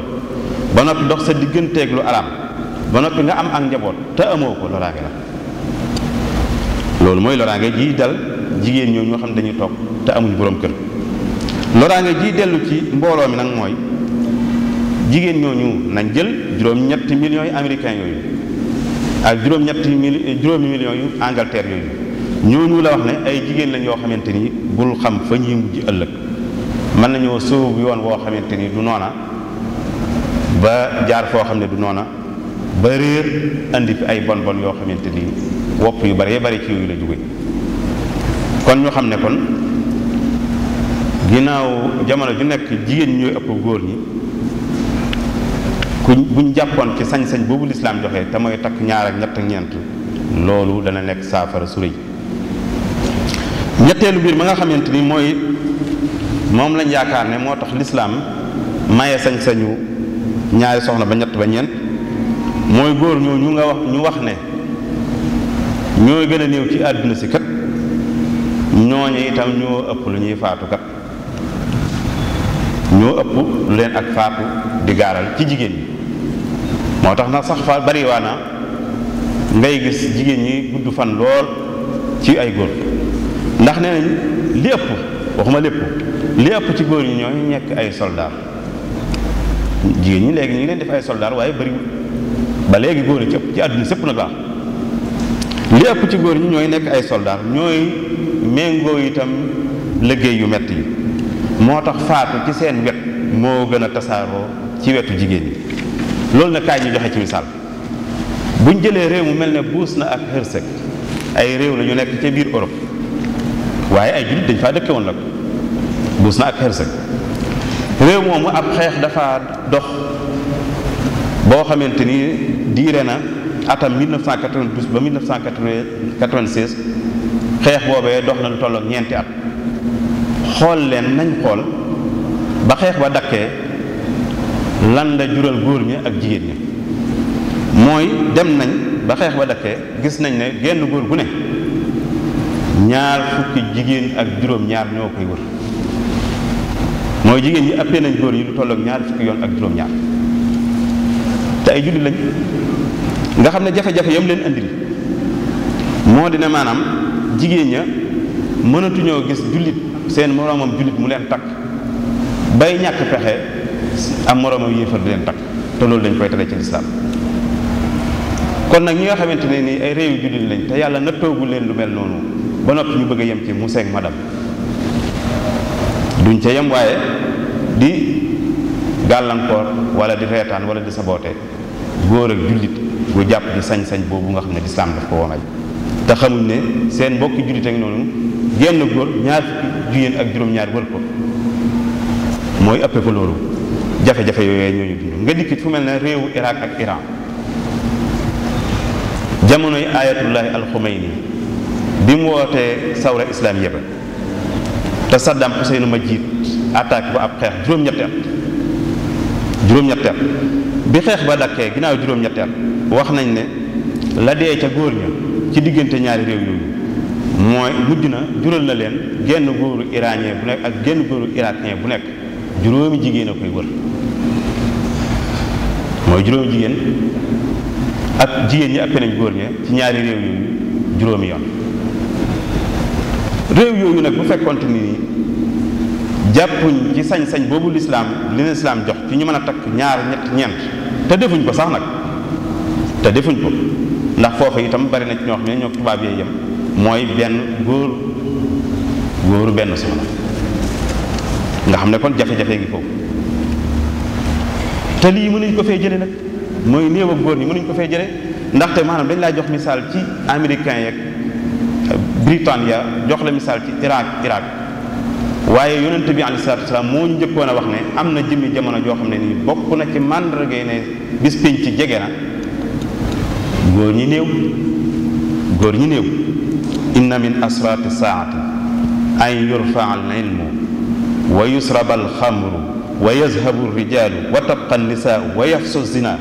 ba noppi dox sa digganteeg lu araam ba noppi nga am ak njaboot te amoo ko loraange la loolu mooy loraange ji dal jigéen ñoo ñoo xam ne dañuy toog te amuñ boroom kër loraange ji dellu ci mbooloo mi nag mooy jigéen ñooñu nañ jël juróom-ñetti millions yu américain yooyu ak juróom-ñetti mil eh, juróomi millions yu Angleterre yooyu ñooñu la wax ne ay jigéen lañ yoo xamante ni bul xam fa ñuy mujj ëllëg mën nañoo sóobu yoon woo xamante ni du noona ba jaar foo xam ne du noona ba réer andi fi ay bon bon yoo xamante ni wopp yu bare bari ci yooyu la jóge kon ñu xam ne kon ginnaaw jamono ju nekk jigéen ñi ëpp góor ñi ku buñ jàppoon ci sañ-sañ boobu lislaam joxe te mooy takk ñaar ak ñett ak ñeent loolu dana nekk saafara su rëy ñetteelu biir ma nga xamante ni mooy moom lañ yaakaar ne moo tax lislaam maye sañ-sañu ñaari soxna ba ñett ba ñeent mooy góor ñoo ñu nga wax ñu wax ne ñooy gën a néew ci àdduna si kat ñooñu itam ñoo ëpp lu ñuy faatu kat ñoo ëpp lu leen ak faatu di gaalal ci jigéen ñi moo tax na sax fa bariwaa na ngay gis jigéen ñi gudd fan lool ci ay góor ndax nee nañ li ëpp waxuma lépp li ëpp ci góor ñi ñooy nekk ay soldaar jigéen ñi léegi ñu ngi leen def ay soldaar waaye bariwul ba léegi góor a ci ëpp ci àdduna sépp nag la li ëpp ci góor ñi ñooy nekk ay soldaar ñooy méngoo itam liggéey yu metti yi moo tax faatu ci seen wet moo gën a tasaaroo ci wetu jigéen ñi loolu na kaay ñu joxe ci misaal buñ jëlee réew mu mel ne buus na ak xërsëg ay réew la ñu nekk ci biir Europe waaye ay jullit dañ faa dëkke woon la ko buus na ak xërsëg réew moomu ab xeex dafa dox boo xamante ni diire na atam 1992 ba 1996 xeex boobee dox na lu tollook ñeenti at xool leen nañ xool ba xeex ba dakkee lan la jural góor ñi ak jigéen ñi mooy dem nañ ba xeex ba dakkee gis nañ ne genn góor gu ne ñaar fukki jigéen ak juróom-ñaar ñoo koy wër mooy jigéen ñi ëppee nañ góor ñi lu tollook ñaar fukki yoon ak juróom-ñaar te ay julli lañ nga xam ne jafe-jafe yam leen andil moo di dina maanaam jigéen ña mënatuñoo gis jullit seen moroomam jullit mu leen takk bay ñàkk pexe am moroomam yéefar di leen takk te loolu dañ koy tere ci lislaam kon nag ñi nga xamante ne nii ay réew jullit lañ te yàlla nattoogu leen lu mel noonu ba noppi ñu bëgg a yem ci mu ak madame duñ ca yem waaye di gàllankoor wala di reetaan wala di saboote góor ak jullit gu jàpp ci sañ-sañ boobu nga xam ne lislaam daf ko wonay te xamuñ ne seen mbokki jullit ak noonu genn góor ñaar fukki ak juróom-ñaar wër ko mooy ëppe ko loolu jafe-jafe yooyu ñooñu dund nga dikkit fu mel ne réewu Irak ak Iran jamonoy ayatullahi alxumayni bi mu wootee sawra islam yëpp te Saddam Hussein ma jiit attaque ba ab xeex juróom-ñetti at juróom-ñetteel bi xeex ba daqee ginnaaw juróom-ñetteel wax nañ ne la dee ca góor ña ci diggante ñaari réew yooyu mooy mujj na jural na leen genn góoru iranien bu nekk genn góoru irakien bu nekk juróomi jigéen a koy wër mooy juróomi jigéen ak jigéen ñi ak peneñ góor ña ci ñaari réew yooyu juróomi yoon réew yooyu nag bu fekkonte ni jàppuñ ci sañ-sañ boobu lislaam li lislaam jox ci ñu mën a takk ñaar ñett ñeent te defuñ ko sax nag te defuñ ko ndax foofu itam bari na ci ñoo xam ne ñoo tubaab yee yem mooy benn góor benn soxna nga xam ne kon jafe-jafe gi foofu te lii mënuñ ko fee jële nag mooy néew ak góor ñi mënuñ ko fee jële ndaxte maanaam dañ laa jox misaal ci américain yeeg britannia jox la misaal ci Irak Irak waaye yonent bi alayhi salaatu wasalaam moo njëkkoon a wax ne am na jëmmi jamono joo xam ne nii bokk na ci màndargay ne bis pénc ci jege na góor ñi néew góor ñi néew inna min asraati saati an yurfaa al ilmu wa yusraba al xamru wa yazhabu rijaalu wa tabqa annisaau wa yafsu zina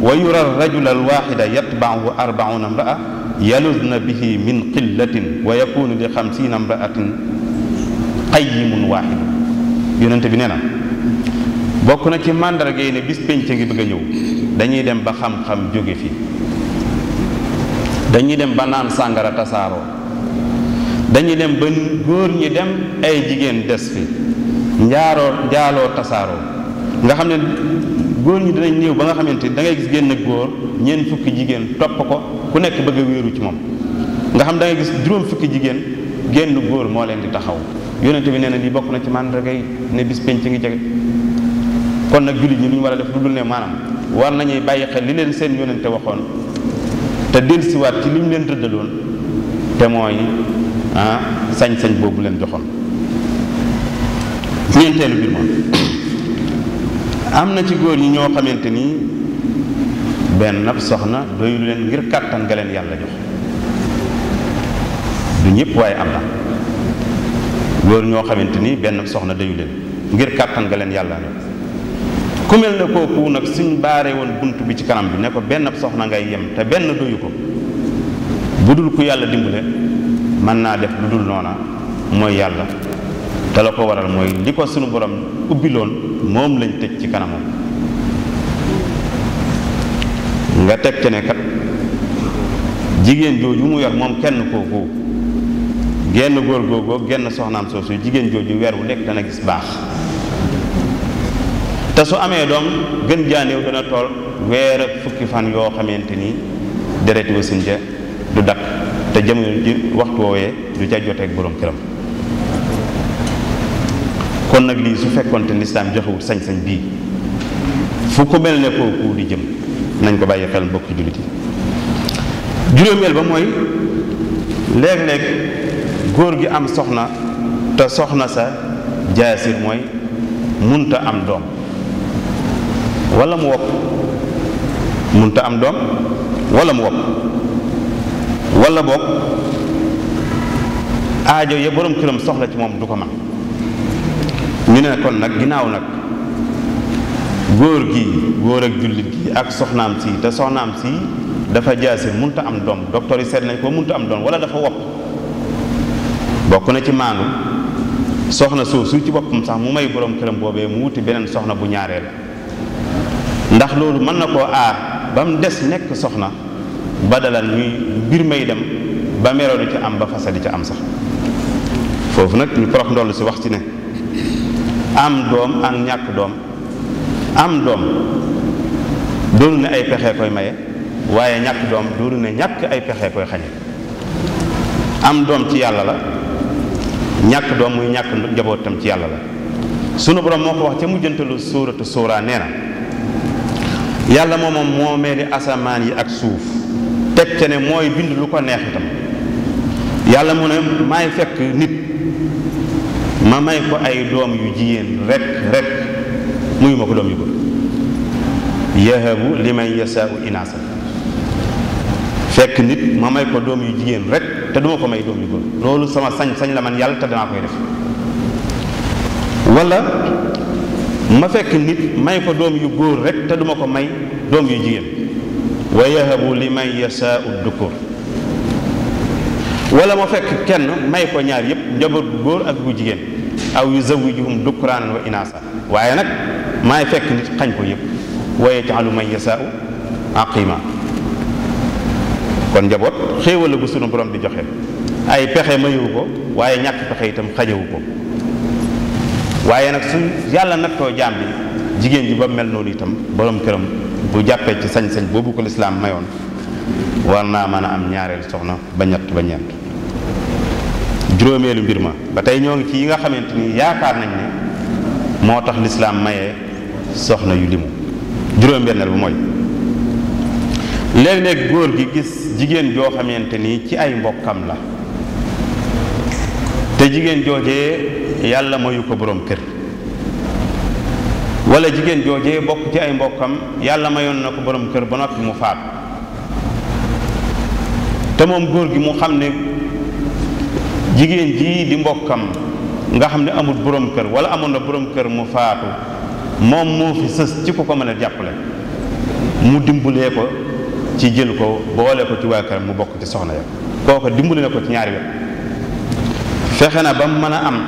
wa yura arrajula alwaxida yatbaahu arbauna imraa yaluzna bihi min qillatin wa yakunu li xamsina imraatin qayyimun waaxidu yonente bi nee na bokk na ci màndarga ne bis pénc ngi bëgg a ñëw dañuy dem ba xam-xam jóge fii dañuy dem ba naan sàngara tasaaroo dañuy dem ba góor ñi dem ay jigéen des fi njaaroo tasaaroo nga xam ne góor ñi dinañ néew ba nga xamante da ngay gis génn góor ñeent fukki jigéen topp ko ku nekk bëgg a wéeru ci moom nga xam da gis juróom fukki jigéen génn góor moo leen di taxaw yonente bi nee na lii bokk na ci màndargay ne bis ci ngi jege kon nag jullit ñi lu ñu war a def lu dul ne maanaam war nañuy bàyyi xel li leen seen yonente waxoon te dellusiwaat ci li ñu leen rëddaloon te mooy ah sañ-sañ boobu leen joxoon ñeenteelu bi moom am na ci góor ñi ñoo xamante ni benn ab soxna doyul leen ngir kàttan nga leen yàlla jox du ñëpp waaye am na góor ñoo xamante ni benn soxna dayu ngir kàttan nga leen yàlla ne ku mel ne kooku nag suñ baaree woon bunt bi ci kanam bi ne ko benn soxna ngay yem te benn doyu ko bu dul ku yàlla dimbale mën naa def lu dul noona mooy yàlla te la ko waral mooy li ko sunu borom ubbiloon moom lañ tëj ci kanamam nga teg ci kat jigéen jooju mu yor moom kenn kooku genn góor googu genn soxnaam soosu jigéen jooju weer wu nekk dana gis baax te su amee doom gën jaaneew dana tool weer ak fukki fan yoo xamante ni dereti wasin ja du dakk te jamono ji waxtu woowee du ca joteeg borom këram kon nag lii su fekkoonte lislaam joxewut sañ-sañ bii fu ko mel ne kooku di jëm nañ ko bàyyi xel mbokki jullit yi juróomeel ba mooy léeg-léeg góor gi am soxna te soxna sa jaasir mooy munta am doom walla mu wopp munta am doom wala mu wopp wala boog aajo ya borom këram soxna ci moom du ko man ñu ne kon nag ginnaaw nag góor gi góor ak jullit gi ak soxnaam si te soxnaam sii dafa jaasir munta am doom docteur yi seet nañ ko munta am doom wala dafa wopp bokk na ci maandu soxna su ci boppam sax mu may borom këram boobee mu wuti beneen soxna bu ñaareel ndax loolu mën na koo aar ba mu des nekk soxna ba dalal ñuy mbir may dem ba meroo di ci am ba fasa di ci am sax foofu nag ñu prof ndoll si wax ci ne am doom ak ñàkk doom am doom doonu ne ay pexe koy maye waaye ñàkk doom doonu ne ñàkk ay pexe koy xañe am doom ci yàlla la ñàkk doom muy ñàkk njabootam ci yàlla la sunu borom moo ko wax ca mujjantalu suuratu suuraa nee na yàlla moomoom moo meeli asamaan yi ak suuf teg ca ne mooy bind lu ko neex yàlla mu ne maay fekk nit ma may ko ay doom yu jigéen rek rek muyuma ko doom yu góor yahabu liman yasaau inaasa fekk nit ma may ko doom yu jigéen rek te duma ko may doom yu góor loolu sama sañ-sañ la man yàlla te danaa koy def wala ma fekk nit may ko doom yu góor rek te duma ko may doom yu jigéen wa yahabu li man yasaau dukur wala ma fekk kenn may ko ñaar yépp njaboot bu góor ak bu jigéen aw yuzawijuhum dukuraan wa inaasa waaye nag maay fekk nit xañ ko yépp wa yajcalu man yasaau aqima kon njaboot xéewal gu sunu boroom di joxe ay pexe mayewu ko waaye ñàkk pexe itam xajawu ko waaye nag su yàlla nattoo jaam bi jigéen ji ba mel noonu itam boroom këram bu jàppee ci sañ-sañ boobu ko lislaam mayoon war naa mën a am ñaareel soxna ba ñett ba ñeent juróomeelu mbir ma ba tey ñoo ngi ci yi nga xamante ni yaakaar nañ ne moo tax lislaam mayee soxna yu limu juróom-benneel bu mooy léeg-léeg góor gi gis jigéen joo xamante ni ci ay mbokkam la te jigéen joojee yàlla mayu ko boroom kër walla jigéen joojee bokk ci ay mbokkam yàlla mayoon na ko boroom kër ba noppi mu faat te moom góor gi mu xam ne jigéen jii di mbokkam nga xam ne amul boroom kër wala amoon na boroom kër mu faatu moom moo fi sës ci ku ko mën a jàppale mu dimbulee ko ci jël ko boole ko ci waa këram mu bokk ci soxna ya kooka dimbali na ko ci ñaari wet fexe na ba mu mën a am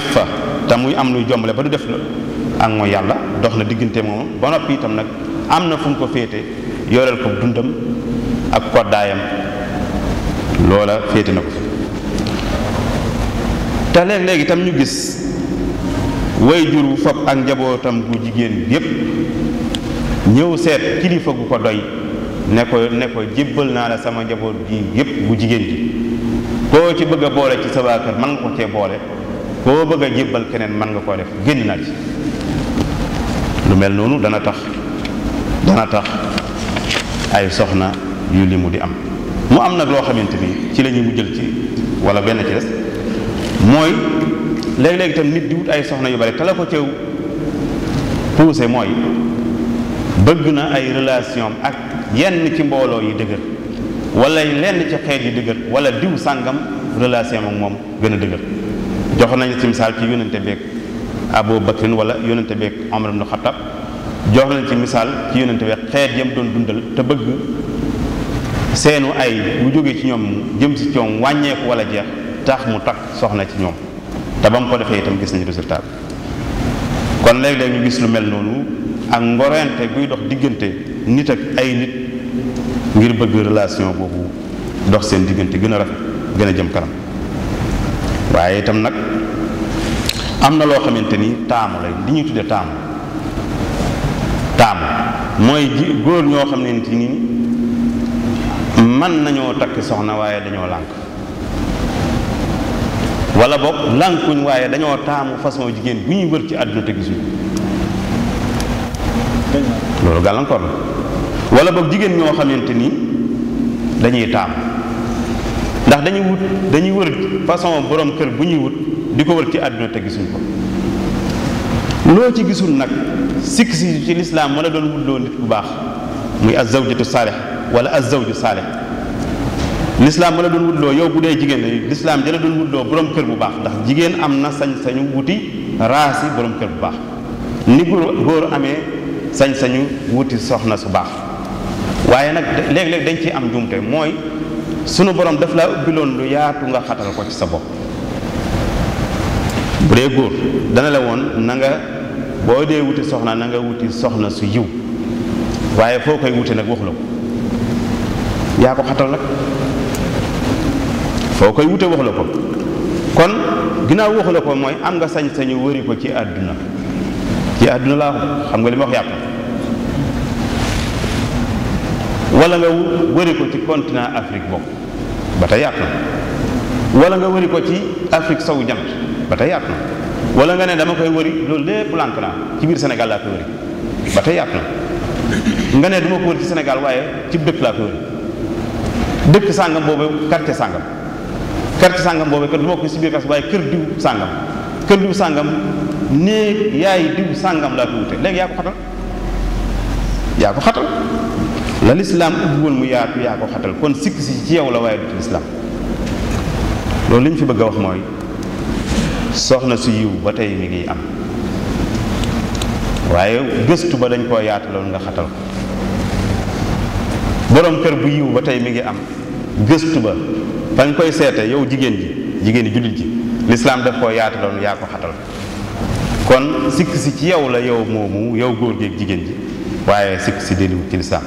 fa te muy am luy jombale ba du def ak mooy yàlla dox na diggante moom ba noppi itam nag am na fu mu ko féete yoreel ko dundam ak koddaayam loola féete na ko te léeg-léeg itam ñu gis way jur wu fab ak njabootam gu jigéen yépp ñëw seet kilifa gu ko doy ne ko ne ko jébbal naa la sama njaboot gi yépp bu jigéen ji koo ci bëgg a boole ci sa waa kër nga ko cee boole koo bëgg a keneen mën nga koo def génn naa ci lu mel noonu dana tax dana tax ay soxna yu li mu di am mu am nag loo xamante ni ci la mu jël ci wala benn ci des mooy léeg-léeg itam nit di wut ay soxna yu bari te la ko ceew poussé mooy bëgg na ay relation ak yenn ci mbooloo yi dëgër wala lenn ci xeet yi dëgër wala diw sàngam relation ak moom gën a dëgër jox nañ ci misaal ci yónente beeg Abu Bakrin wala yónente beeg Omar ibn Khattab jox nañ ci misaal ci yónente beeg xeet yam doon te bëgg seenu ay bu jógee ci ñoom jëm si coom wàññeeku wala jeex tax mu takk soxna ci ñoom te ba ko defee itam gis nañu bi kon léeg-léeg ñu gis lu mel noonu ak ngorente guy dox diggante nit ak ay nit ngir bëgg relation boobu dox seen diggante gën a rafet gën a jëm kanam waaye itam nag am na loo xamante ni taamu lay li ñuy tuddee taamu taamu mooy ji góor ñoo xam ne ni mën nañoo takk soxna waaye dañoo lànk wala boog lànkuñ waaye dañoo taamu façon jigéen bu ñuy wër ci àdduna te gisuñ loolu gàllankoor la wala boog jigéen ñoo xamante ni dañuy taam ndax dañuy wut dañuy wër façon borom kër bu ñuy wut di ko wër ci àdduna te gisuñ ko loo ci gisul nag sikk si ci lislaam ma la doon wutloo nit bu baax muy azawjatu saalih wala azawju saalih lislaam ma la doon wutloo yow bu dee jigéen lislaam ja la doon wutloo borom kër bu baax ndax jigéen am na sañ-sañu wuti raasi borom kër bu baax ni góor góor amee sañ-sañu wuti soxna su baax waaye nag léeg-léeg dañ ciy am njuumte mooy sunu borom daf laa ubbiloon lu yaatu nga xatal ko ci sa bopp bu dee góor dana la woon nanga boo dee wuti soxna na nga wuti soxna su yiw waaye foo koy wuti nag waxu la ko yaa ko xatal nag foo koy wute waxu la ko kon ginnaaw waxu la ko mooy am nga sañ-sañu wëri ko ci àdduna ci àdduna laa xam nga li ma wax yàqu ko ci continent Afrique bokk ba tey yàqu na wala nga wëri ko ci Afrique sowu jant ba tey yàqu na wala nga ne dama koy wëri loolu lépp lànk naa ci biir Sénégal laa koy wëri ba tey yàqu na nga ne du ma ko wëri ci Sénégal waaye ci dëkk laa koy wëri dëkk sàngam boobu quartier sàngam quartier sàngam boobu kat du ma ko biir kas waaye kër diw sàngam kër diw sàngam néeg yaay diw sàngam laa ko wute léegi yaa ko xatal yaa ko xatal la lislaam ubbi woon mu yaatu yaa ko xatal kon sikk si ci yow la waaye du ci lislaam loolu li fi bëgg a wax mooy soxna su yiw ba tey mi ngi am waaye gëstu ba dañ koo yaataloon nga xatal ko borom bu yiw ba tey mi ngi am gëstu ba bañ koy seete yow jigéen ji jigéen ji jullit ji lislaam daf koo yaataloon yaa ko xatal kon sikk ci yow la yow moomu yow góor gi ak jigéen ji waaye sikk si ci lislaam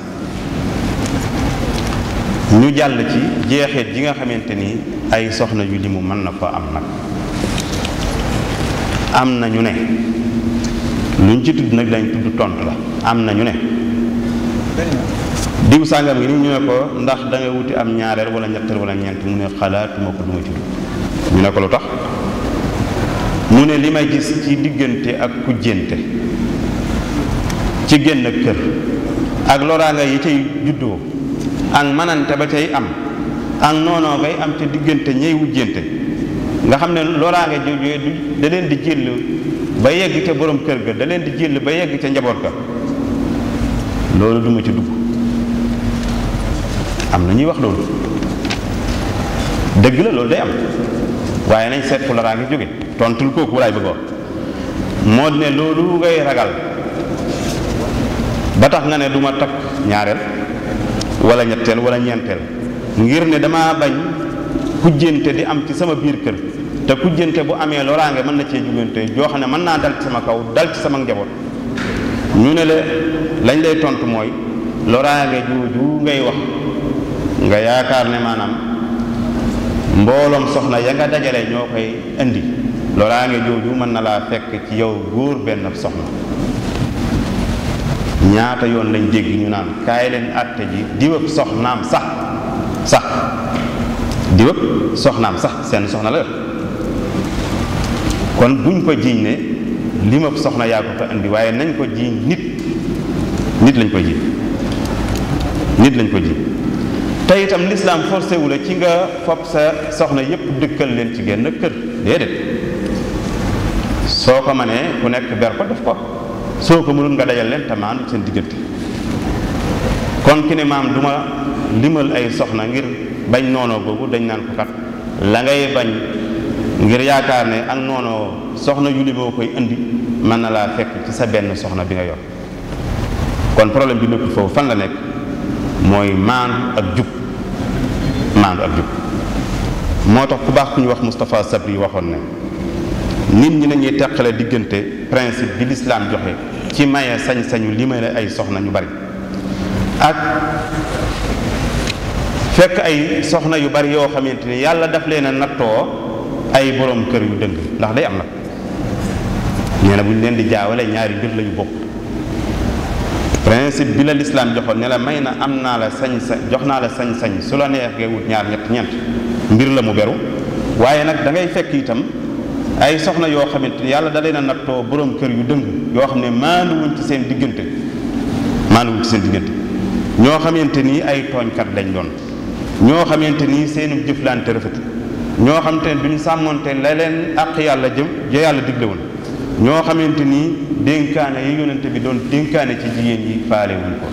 ñu jàll ci jeexeet ji nga xamante ni ay soxna yu limu mën na ko am nag am na ñu ne luñ ci tudd nag dañ tudd tontu la am na ñu ne diw sàngam ngi ni ñu ne ko ndax da nga wuti am ñaareel wala ñetteel wala ñeent mu ne xalaatuma ko du ma ñu ne ko lu tax mu ne li may gis ci diggante ak kujjante ci génn kër ak loraanga yi cay juddoo ak manante ba cay am ak noonoo ngay am ca diggante ñey wujjante nga xam ne loraanga jooju da di jëll ba yegg ca borom kër ga da leen di jëll ba yegg ca njaboot ga loolu duma ci dugg am na ñuy wax loolu dëgg la loolu day am waaye nañ seet fu jóge tontul kooku walaay bëgg moo ne loolu ngay ragal ba tax nga ne duma takk ñaareel wala ñetteel wala ñeenteel ngir ne dama bañ kujjante di am ci sama biir kër te kujjante bu amee loraange mën na cee jugante joo ne mën naa dal ci sama kaw dal ci sama njaboot ñu ne la lañ lay tontu mooy loraange jooju ngay wax nga yaakaar ne maanaam mbooloom soxna ya nga dajale ñoo koy indi loraange jooju mën na laa fekk ci yow góor benn soxna ñaata yoon lañ dégg ñu naan kaay leen àtte ji diwëb soxnaam sax sax diwëb soxnaam sax seen soxna la kon buñ ko jiiñ ne li ma soxna yaa ko indi waaye nañ ko jiiñ nit nit lañ ko jiiñ nit lañ ko jiiñ te itam lislaam forcé la ci nga fob sa soxna yépp dëkkal leen ci genn kër déedéet soo ko mënee ku nekk ber ko def ko soo ko mënul nga dajal leen te maandu seen diggante kon ki ne maam duma limal ay soxna ngir bañ noonoo boobu dañ naan ko kat la ngay bañ ngir yaakaar ne ak noonoo soxna yu li boo koy indi mën na laa fekk ci sa benn soxna bi nga yor kon problème bi nekk foofu fan la nekk mooy maandu ak jub maandu ak jub moo tax ku baax ku ñu wax Moustapha Sabri waxoon ne nit ñi nañuy teqale diggante principe bi lislaam joxe ci maye sañ-sañu li may ay soxna ñu bari ak fekk ay soxna yu bari yoo xamante ni yàlla daf leen a nattoo ay boroom kër yu dëng ndax day am nag nee na bu ñu leen di jaawale ñaari mbir lañu bokk principe bi la lislaam joxoon ne may na am naa la sañ-sañ jox naa la sañ-sañ su la neexee wut ñaar ñett ñeent mbir la mu beru waaye nag da fekk itam ay soxna yoo xamante ni yàlla da na a nattoo boroom kër yu dëng yoo xam ne maanuwuñ ci seen diggante maanuwuñ ci seen diggante ñoo xamante ni ay tooñkat dañ doon ñoo xamante ni seenu jëflante rafet ñoo xamante ni duñu sàmmoonte la leen àq yàlla jëm ja yàlla digle woon ñoo xamante ni dénkaane yi yonente bi doon dénkaane ci jigéen yi faale wuñ ko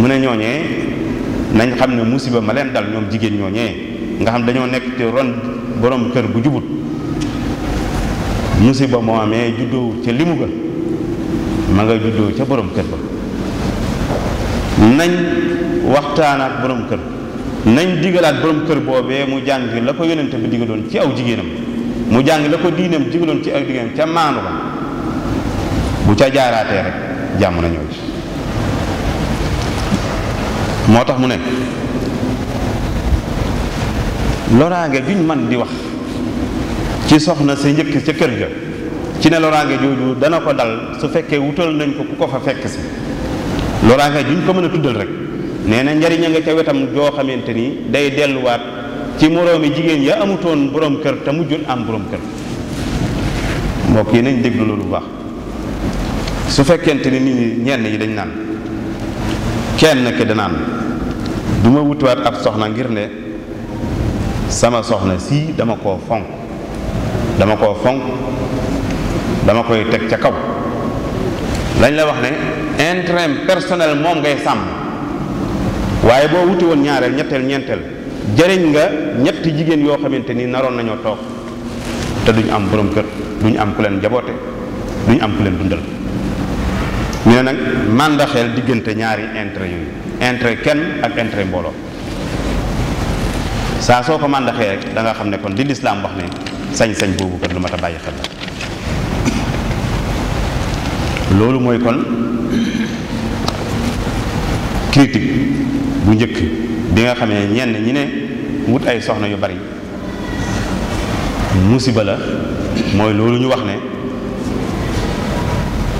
mu ne ñooñee nañ xam ne musiba ma leen dal ñoom jigéen ñooñee nga xam dañoo nekk ci ron borom kër bu jubut musiba moo amee juddoo ca limu ga ma nga juddoo ca borom kër ba nañ waxtaanaat ak kër nañ digalaat borom kër boobee mu jàng la ko yonente bi digaloon ci aw jigéenam mu jàng la ko diinam digaloon ci aw jigéenam ca maanu ba bu ca jaaraatee rek jàmm na ñëw moo tax mu ne loraange duñ man di wax ci soxna sa njëkk ca kër ga ci ne loraange jooju dana ko dal su fekkee wutal nañ ko ku ko fa fekk si loraange juñ ko mën a tuddal rek nee na njariñ a nga ca wetam joo xamante ni day delluwaat ci moroomi jigéen ya amutoon borom kër te mujjul am borom kër mbokk yi nañ déglu loolu bu baax su fekkente ni nit ñenn yi dañ naan kenn ki danaan du ma wutiwaat ab soxna ngir ne sama soxna sii dama koo fonk dama ko fonk dama koy teg ca kaw lañ la wax ne intérêt personnel moom ngay sàmm waaye boo wuti woon ñaareel ñetteel ñeenteel jëriñ nga ñetti jigéen yoo xamante ni naroon nañoo toog te duñ am borom kër duñ am ku leen jaboote duñ am ku leen dundal ñu ne nag màndaxeel diggante ñaari intérêt yooyu intérêt kenn ak intérêt mbooloo saa soo ko màndaxee rek da nga xam ne kon di lislaam wax ne sañ-sañ boobu kon lu mat a bàyyi xel la loolu mooy kon critique bu njëkk bi nga xam ne ñenn ñi ne wut ay soxna yu bari musiba la mooy loolu ñu wax ne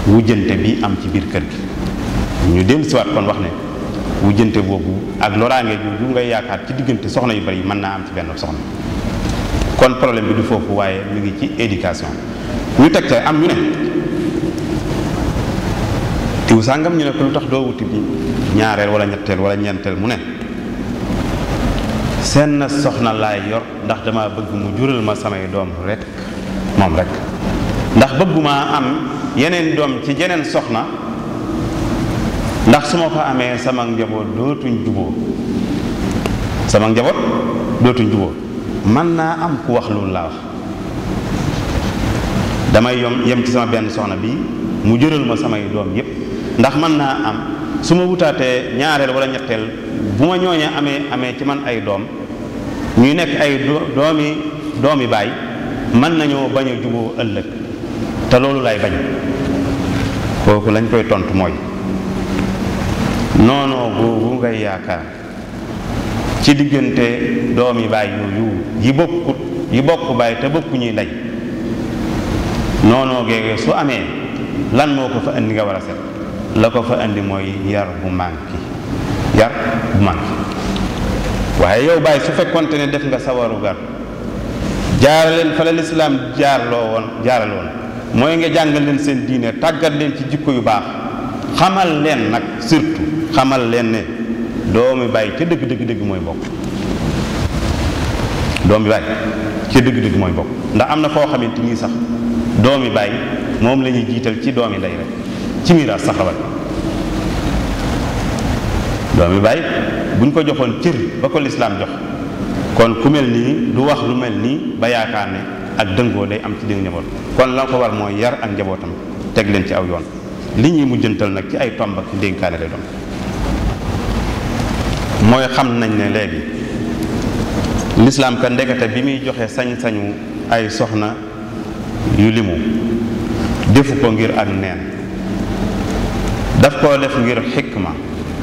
wujjante bi am ci biir kër gi ñu dem siwaat kon wax ne wujjante boobu ak loraange ju ngay yaakaar ci diggante soxna yu yi mën naa am ci benn soxna kon problème bi du foofu waaye mu ngi ci éducation ñu teg ca am ñu ne diw sàngam ñu ne ko lu tax doo wuti ñaareel wala ñetteel wala ñeenteel mu ne seen soxna laay yor ndax dama bëgg mu jural ma samay doom rek moom rek ndax bëgguma am yeneen doom ci jeneen soxna ndax su ma ko amee sama njaboot dootuñ juboo sama njaboot dootuñ juboo man naa am ku wax loolu laa wax damay yom yem ci sama benn soxna bi mu jëral ma samay doom yépp ndax man naa am su ma wutaatee ñaareel wala ñetteel bu ma ñooña amee amee ci man ay doom ñuy nekk ay doomi doomi baay mën nañoo bañ a juboo ëllëg te loolu laay bañ kooku lañ koy tontu mooy noonoo googu ngay yaakaar ci diggante doomi baay yooyu yi bokkut yi bokk baay te bokk bokkuñuy ndey noonoo geege su amee lan moo ko fa indi nga war a set la ko fa indi mooy yar bu manki yar bu manki waaye yow baay su fekkonte ne def nga sawaru gar jaaraleen fa la lislaam jaarloo woon jaaraloon mooy nga jàngal leen seen diine tàggat leen ci jikko yu baax xamal leen nag surtout xamal leen ne doomi bàyyi ca dëgg dëgg dëgg mooy bokk doomi bàyyi ca dëgg dëgg mooy bokk ndax am na foo xamante ngi sax doomi bàyyi moom lañuy jiital ci doomi ndey rek ci miraas sax rawat doomi bàyyi buñ ko joxoon cër ba ko lislaam jox kon ku mel nii du wax lu mel nii ba yaakaar ne ak dëngoo day am ci dégg njaboot kon la ko war mooy yar ak njabootam teg leen ci aw yoon li ñuy mujjantal nag ci ay tomb ak ndénkaane lay doon mooy xam nañ ne léegi lislaam ka ndekete bi muy joxe sañ-sañu ay soxna yu limu defu ko ngir ak neen daf koo def ngir xikma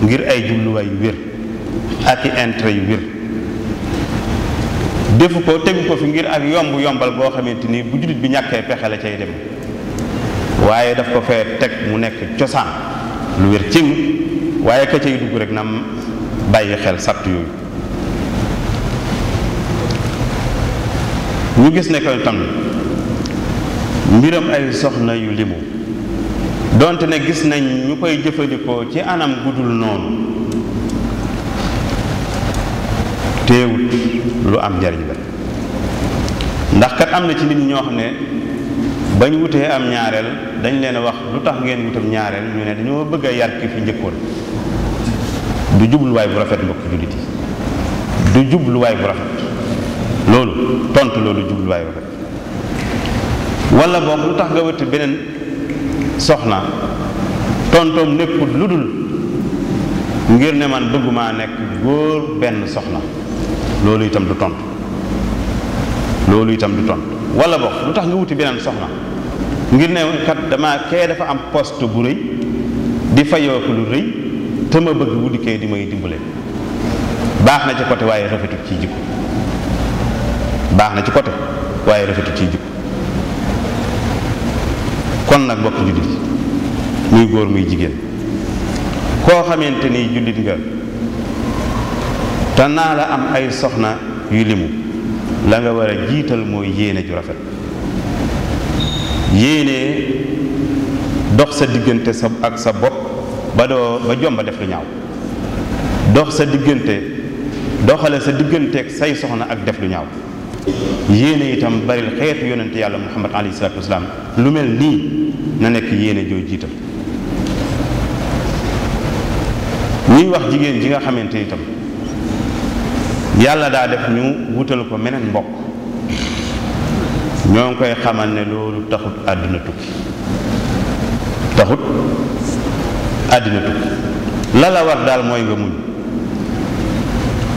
ngir ay jubluwaay yu wér ak i yu wér defu ko tegu ko fi ngir ak yomb yombal boo xamante ni bu jullit bi ñàkkee pexe la cay dem waaye daf ko fee teg mu nekk cosaan lu wér cim waaye ka cay dugg rek na bàyyi xel sart yooyu ñu gis ne que tam mbiram ay soxna yu limu dont ne gis nañ ñu koy jëfandikoo ci anam gudul noonu téewut lu am njariñ la ndax kat am na ci nit ñoo xam ne ñu wutee am ñaareel dañ leen wax lu tax ngeen wutam ñaareel ñu ne dañoo bëgg a yar ki fi njëkkoon du jubluwaay bu rafet mbokk jullit yi du jubluwaay bu rafet loolu tontu loolu jubluwaay bu rafet wala boog lu tax nga wëtt beneen soxna tontoom nekkul lu dul ngir ne man bëgguma nekk góor benn soxna loolu itam du tontu loolu itam du tontu wala boog lu tax nga wuti beneen soxna ngir ne kat dama kee dafa am post bu rëy di fayoo ko lu rëy te ma bëgg bu dikkee di may dimbale baax na ci côté waaye rafetu ciy jikko baax na ci côté waaye rafetu ciy jikko kon nag mbokk jullit muy góor muy jigéen koo xamante ni jullit nga te naa la am ay soxna yu limu la nga war a jiital mooy yéene ju rafet yéene dox sa diggante sa ak sa bopp ba doo ba jomba def lu ñaaw dox sa diggante doxale sa digganteeg say soxna ak def lu ñaaw yéene itam bari xeetu yonente yàlla muhammad alayhi salaatu wasalaam lu mel nii na nekk yéene joo jiital ñuy wax jigéen ji nga xamante itam yàlla daa def ñu wutal ko meneen mbokk ñoo ngi koy xamal ne loolu taxut àdduna tukki taxut àddina tukki la la war daal mooy nga muñ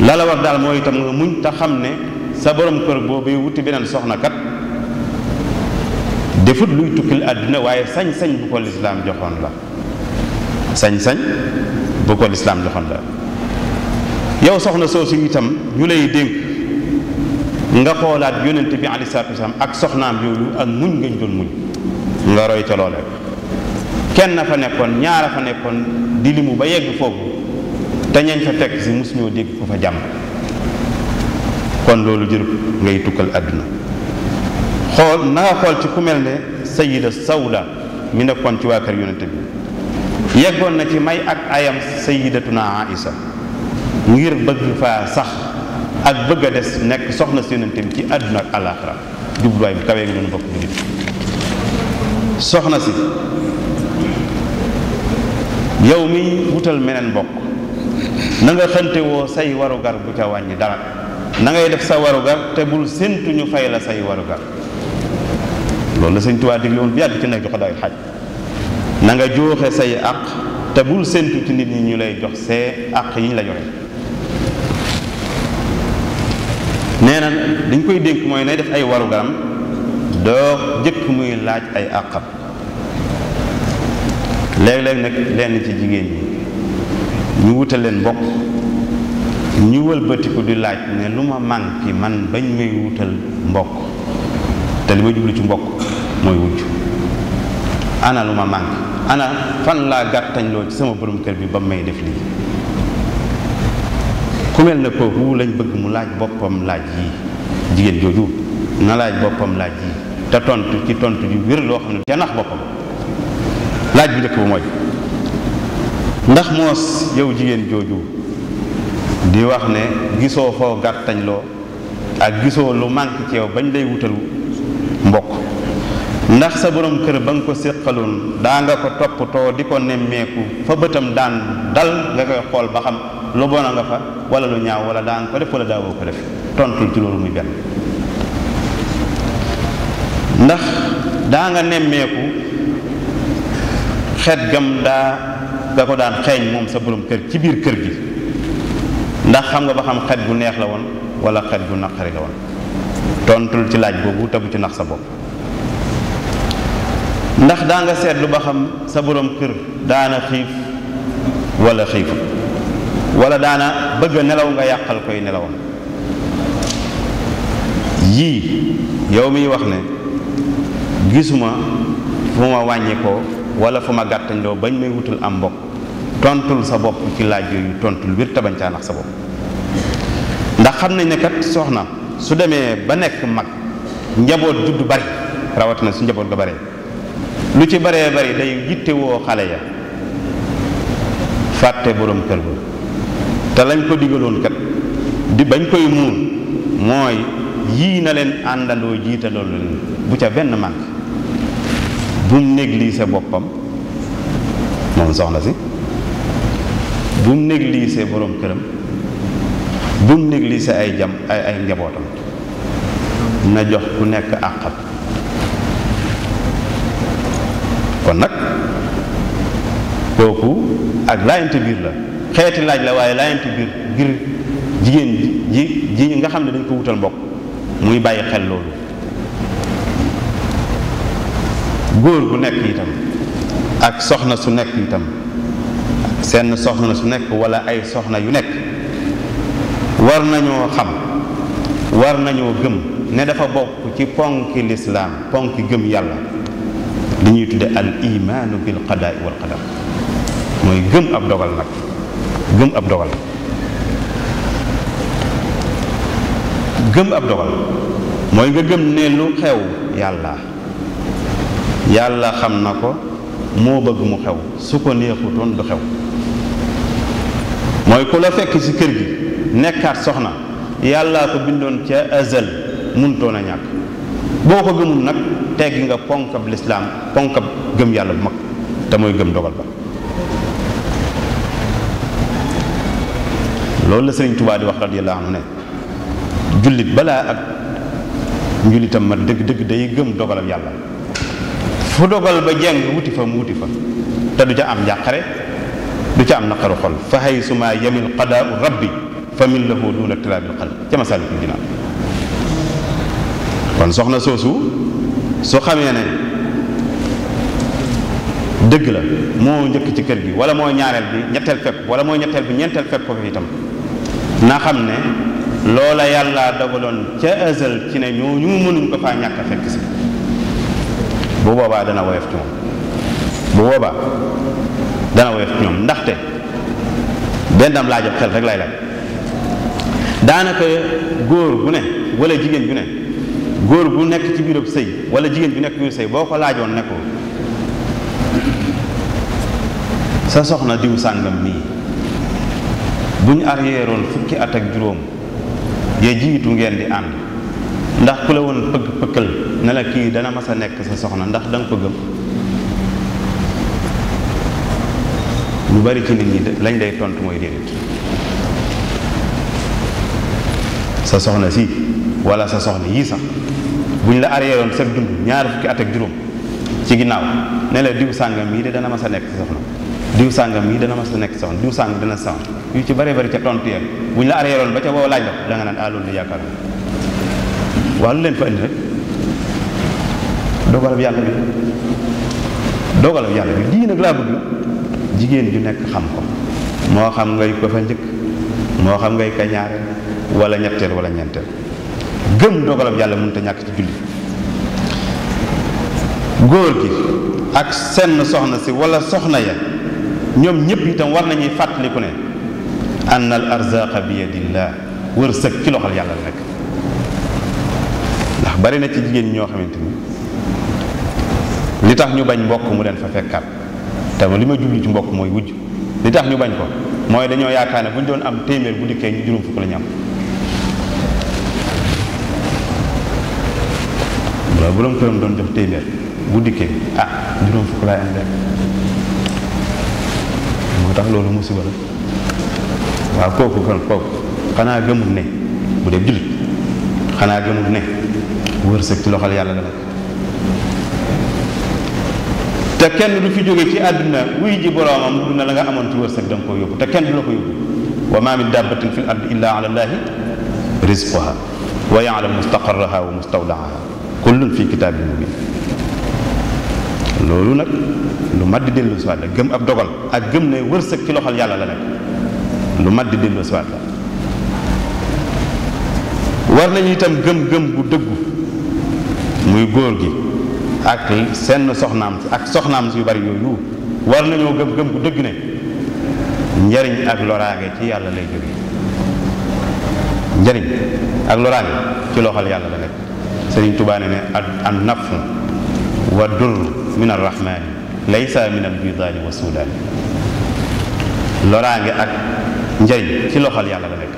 la la war daal mooy itam nga muñ te xam ne sa borom kër boobu wuti beneen soxna kat defut luy tukkil àddina waaye sañ-sañ bu ko lislaam joxoon la sañ-sañ bu ko lislaam joxoon yow soxna soosu itam ñu lay dénk nga xoolaat yonent bi aleyhi salaatu wasalaam ak soxnaam yooyu ak muñ ngañ doon muñ nga roy ca kenn fa nekkoon ñaara fa nekkoon di limu ba yegg foofu te ñañ fa teg si mus dégg ko fa jàmm kon loolu jërub ngay tukkal àdduna xool na xool ci ku mel ne sayida sawda mi nekkoon ci waa kër bi yeggoon na ci may ak ayam sayidatuna aïsa ngir bëgg fa sax ak bëgg a des nekk soxna si yonente bi ci àdduna ak àllaaxira jubluwaay bu kawee ngi doon bokk bu soxna si yow mi wutal meneen bokk na nga xante woo say warugar bu ca wàññi dara na ngay def sa warugar te bul séntu ñu fay la say warugar loolu la sëñ Tuubaa digle woon bu yàgg ci nag jox day xaj na nga jooxe say àq te bul séntu ci nit ñi ñu lay jox see àq yi ñu la joxe nee na dañ koy dénk mooy nay def ay warugaram doo jëkk muy laaj ay àqam léeg-léeg nag lenn ci jigéen ñi ñu wutal leen mbokk ñu wëlbatiku di laaj ne lu ma manqué man bañ may wutal mbokk te li ma jublu ci mbokk mooy wujj ana lu ma manqué ana fan laa gàttañloo ci sama borom kër bi ba mu may def lii ku mel kooku lañ bëgg mu laaj boppam laaj yi jigéen jooju na laaj boppam laaj yi te tontu ci tontu yu wér loo xam ne janax boppam laaj bu njëkk ba mooy ndax moos yow jigéen jooju di wax ne gisoo foo gàttañ ak gisoo lu manque ci yow bañ day wutal mbokk ndax sa boroom kër ba nga ko séqaloon daa nga ko toppatoo di ko nemmeeku fa bëtam daan dal nga koy xool ba xam lu bon a nga fa wala lu ñaaw wala daan ko def wala daawoo ko def tontul ci loolu muy benn ndax daa nga nemmeeku xeet gam daa nga ko daan xeeñ moom sa borom kër ci biir kër gi ndax xam nga ba xam xet gu neex la woon wala xet gu naqari la woon tontul ci laaj boobu tabu ci nax sa bopp ndax daa nga seetlu ba xam sa boroom kër daana xiif walla xiifu wala daana bëgg nelaw nga yàqal koy nelawam yii yow miy wax ne gisuma fu ma wàññi wala fu ma loo bañ may wutul am mbokk tontul sa bopp ci laaj yooyu tontul wir tabañ sa bopp ndax xam nañ ne kat soxna su demee ba nekk mag njaboot juddu bari rawatina su njaboot ga bare lu ci baree bari day yittewoo xale ya fàtte boroom kër ba te lañ ko digaloon kat di bañ koy muun mooy yii na leen àndandoo jiitaloon leen bu ca benn mànk bum négligé boppam moom soxna si bu bum négligé boroom këram bum négligé ay jam ay ay njabootam na jox ku nekk àqam kon nag kooku ak laayante biir la xeeti laaj la waaye laayante biir ngir jigéen ji ji nga xam ne dañ ko wutal mbokk muy bàyyi xel loolu góor gu nekk itam ak soxna su nekk itam seen soxna su nekk wala ay soxna yu nekk war nañoo xam war nañoo gëm ne dafa bokk ci ponki lislaam ponki gëm yàlla li ñuy tudde al imaanu bil qadaai wal qadar mooy gëm ab dogal nag gëm ab dogal gëm ab dogal mooy nga gëm ne lu xew yàlla yàlla xam na ko moo bëgg mu xew su ko neexutoon du xew mooy ku la fekk ci kër gi nekkaat soxna yàllaa ko bindoon ca azal muntoon a ñàkk boo ko gëmul nag teggi nga ponkab lislaam ponkab gëm yàlla bu mag te mooy gëm dogal ba loolu la sëriñ Tuubaa di wax radiyallaahu anhu ne jullit balaa ak njullitam ma dëgg dëgg day gëm dogalam yàlla fu dogal ba jeng wuti fa mu wuti fa te du ca am njàqare du ca am naqaru xol fa hay suma yamil qadaau rabbi fa min lahu duna tilaabil qalb ca masaalikul jinaan kon soxna soosu su xamee ne dëgg la moo njëkk ci kër gi wala moo ñaareel bi ñetteel fepp wala mooy ñetteel bi ñeenteel fekk ko fi itam na xam ne loola yàlla dogaloon ca ësal ci ne ñooñu mënuñ ko faa ñàkk fekk si bu boobaa dana woyof ci bu boobaa dana ñoom ndaxte benn am laajab xel rek lay laaj daanaka góor bu ne wala jigéen bu ne góor gu nekk ci biirub sëy wala jigéen bu nekk biir sëy boo ko laajoon ne ko sa soxna diw sàngam mii bu ñu arrièreoon fukki at ak juróom yee jiitu ngeen di ànd ndax ku la woon pëgg pëkkal ne la kii dana mas a nekk sa soxna ndax da nga ko gëm lu bari ci nit ñi lañ day tontu mooy déedéet sa soxna si wala sa soxna yii sax buñ la areeroon sa dund ñaar fukki at ak juróom ci ginnaaw ne la diw sàngam yi de dana mas a nekk sa soxna diw sàngam yi dana mas a nekk sa soxna diw sàngam dana sax yu ci bari bari ca tontu yeen buñ la areeroon ba ca boo laaj la da nga naan ah yaakaar waa lu leen fa indi rek dogalab yàlla bi dogalab yàlla bi lii nag laa bëgg jigéen ju nekk xam ko moo xam nga ko fa njëkk moo xam ngay kañaare wala ñetteel wala ñeenteel gëm dogalab yàlla mënut a ñàkk ci julli góor gi ak senn soxna si walla soxna ya ñoom ñëpp itam war nañuy fàttaliku ne anna al arzaqa bi yadillah wërsëg ci loxol yàlla la nekk ndax bari na ci jigéen ñoo xamante ni li tax ñu bañ mbokk mu leen fa fekkaat te li ma jublu ci mbokk mooy wujj li tax ñu bañ ko mooy dañoo yaakaar ne bu ñu doon am téeméer bu dikkee ñu fukk la am waaw borom doon jox téeméer bu ah juróom fukk laay am rek moo tax loolu musiba la waaw kooku kon kooku xanaa gëmul ne bu dee jullit xanaa gëmul ne wërsëg ci loxol yàlla la te kenn du fi jóge ci àdduna wuy ji boroomam lu na la nga amoon ci wërsëg da nga ko yóbbu te kenn du la ko yóbbu wa ma min fi l ard illa ala llaahi rizquha wa yaalam nag lu mat di dellu siwaat gëm ab dogal ak gëm ne wërsëg ci loxol yàlla la lu mat di dellu war nañu itam gëm-gëm gu dëggu muy góor gi ak seen soxnaam si ak soxnaam si yu bari yooyu war nañoo gëm gëm bu dëgg ne njariñ ak loraange ci yàlla lay jóge njariñ ak loraange ci loxol yàlla la nekk Sëriñ Tuubaa ne ne an nafu wa dur min arrahmani laysa min albidaani wa suudaani loraange ak njariñ ci loxol yàlla la nekk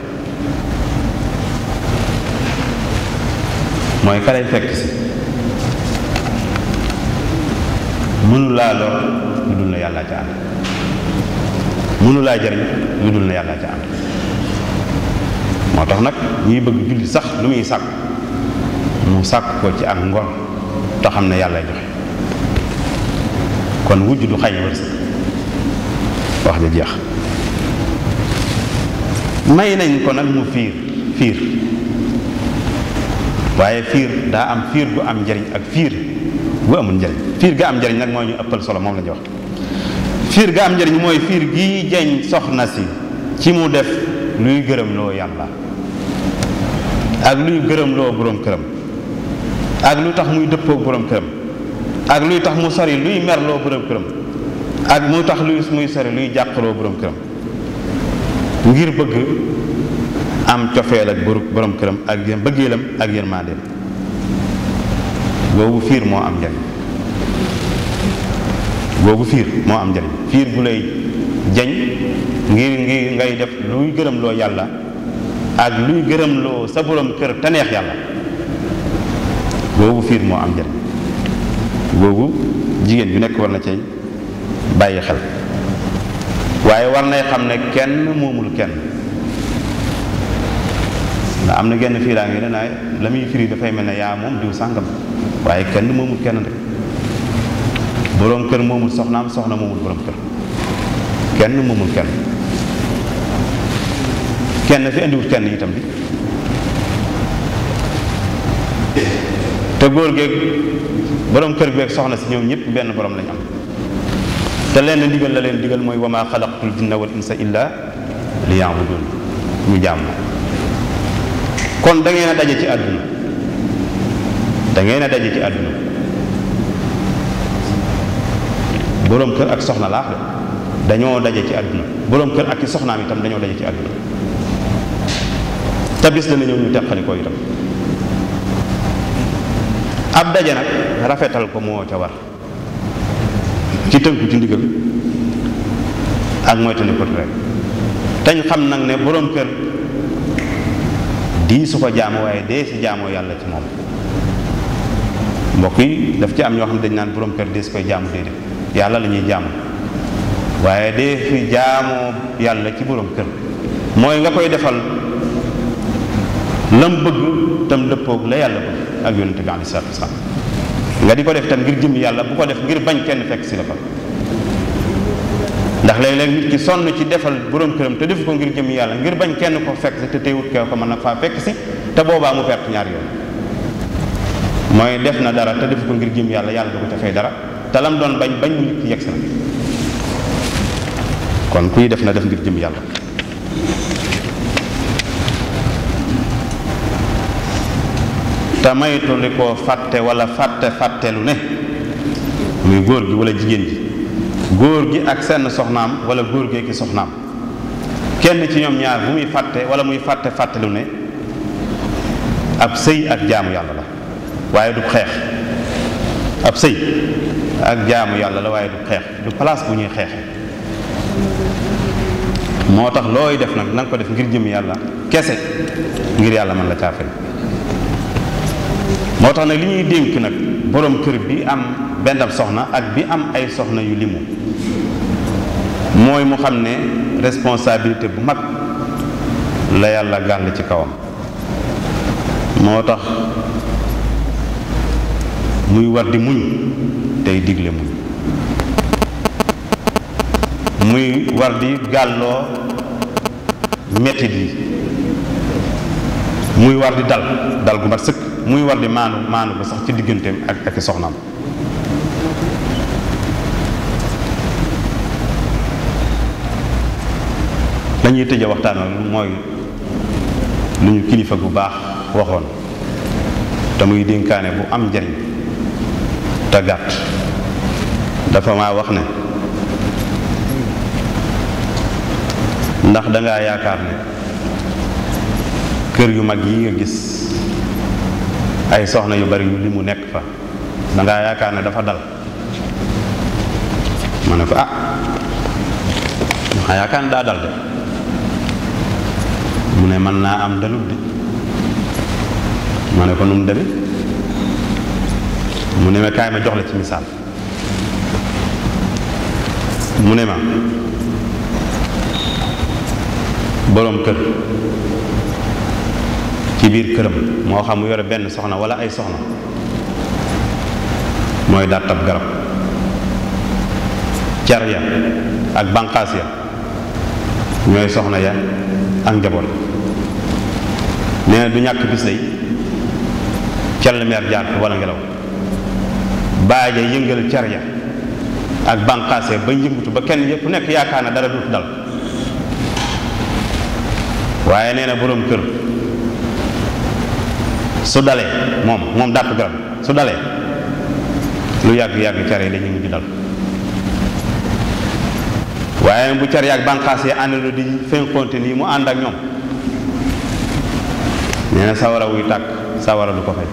mooy ka fekk si mënu laa lu dul na yàllaa ca ànd mënu laa jariñ lu dul na yàllaa ca ànd moo tax nag ñuy bëgg julli sax lu muy sàkk mu sàkk ko ci ak ngor te xam ne yàlla joxe kon wujj du xañ wërsëg wax ja jeex may nañ ko nag mu fiir fiir waaye fiir daa am fiir gu am njariñ ak fiir bu amul njëriñ fiir ga am njëriñ nag mooy ñu ëppal solo moom la ñu fiir ga am mooy fiir gii jeñ soxna si ci mu def luy gërëm loo yàlla ak luy gërëm loo këram ak lu tax muy dëppoog boroom këram ak luy tax mu sori luy merloo boroom këram ak mu tax luy muy sori luy jàqloo boroom këram ngir bëgg am cofeel ak borom këram ak yéen bëggeelam ak yërmandeem googu fiir moo am njariñ googu fiir moo am njariñ fiir gu lay jañ ngir ngir ngay def luy gërëm loo yàlla ak luy gërëm loo sa borom kër te yàlla googu fiir moo am njariñ googu jigéen bi nekk war na cay bàyyi xel waaye war nay xam ne kenn moomul kenn ndax am na genn fiiraa ngi danaa la muy firi dafay mel ne yaa moom diw sàngam waaye kenn moomul kenn rek boroom kër moomul soxnaam soxna moomul boroom kër kenn moomul kenn kenn fi indiwut kenn itam bi te góor geeg boroom kër geeg soxna si ñëw ñëpp benn boroom lañ am te leen digal la leen digal mooy wa maa jinna wal insa illa liya'budun ñu jàmm kon da ngeen a daje ci àdduna da ngeen a daje ci àdduna boroom kër ak soxna laax de dañoo daje ci àdduna boroom kër ak i soxnaam itam dañoo daje ci àdduna te bis dana ñëw ñu teqali ko itam ab daje nag rafetal ko moo ca war ci tënku ci ndigal ak moytandiku rek tañ xam nag ne boroom kër dii su ko jaamu waaye dee si jaamoo yàlla ci moom mbokk yi daf ci am ñoo xam dañ naan borom kër dee si koy jaamu déedéet yàlla la ñuy jaamu waaye dee fi jaamoo yàlla ci borom kër mooy nga koy defal lam bëgg tam dëppoog la yàlla bëgg ak yonente bi alei sa wasalaam nga di ko def tam ngir jëm yàlla bu ko def ngir bañ kenn fekk si la ko ndax léeg-léeg nit ki sonn ci defal borom këram te def ko ngir jëm yàlla ngir bañ kenn ko fekk si te teewut kew ko mën na faa fekk si te boobaa mu perte ñaar yoon mooy def na dara te def ko ngir jëm yàlla yàlla du ko ca fay dara te lam doon bañ bañ mu nit ki yegg si kon kuy def na def ngir jëm yàlla te maytu li ko fàtte wala fàtte fàttelu ne muy góor gi wala jigéen ji góor gi ak senn soxnaam wala góor gi ak soxnaam kenn ci ñoom ñaar bu muy fàtte wala muy fàtte fàttelu ne ab sëy ak jaamu yàlla la waaye du xeex ab sëy ak jaamu yàlla la waaye du xeex du place bu ñuy xeex moo tax looy def nag na nga ko def ngir jëm yàlla kese ngir yàlla mën la caafari moo tax nag li ñuy dénk nag boroom kër bi am benn ab soxna ak bi am ay soxna yu limu mooy mu xam ne responsabilité bu mag la yàlla gàll ci kawam moo tax muy war di muñ tey digle muñ muy war di gàlloo mettit yi muy war di dal dal gu mat sëkk muy war di maanu maanu ba sax ci digganteem ak ak soxnaam lañuy tëje waxtaanal mooy lu ñu kilifa bu baax waxoon te muy dénkaane bu am njariñ te gàtt dafa maa wax ne ndax dangaa yaakaar ne kër yu mag yi nga gis ay soxna yu bari yu li mu nekk fa dangaa yaakaar ne dafa dal ma ne ko ah ma yaakaar ne daa dal de mu ne mën naa am dalut de ma ne ko nu mu mu ne ma kaay ma jox la ci misaal mu ne ma boroom kër ci biir këram moo xam mu yore benn soxna wala ay soxna mooy dàttab garab car ya ak banqaas ya ñooy soxna ya ak njaboot nee du ñàkk bis day cal meer jaar wala ngelaw baaja yëngal car ya ak banqaas ya ba yëngutu ba kenn yëpp nekk yaakaar na dara dut dal waaye nee na boroom kër su dalee moom moom dàttu garab su dalee lu yàgg-yàgg car yi dañuy mujj dal waaye bu car ak bànqaas yi àndandoo di fenkonte nii mu ànd ak ñoom nee na sawara wuy tàkk sawara du ko fay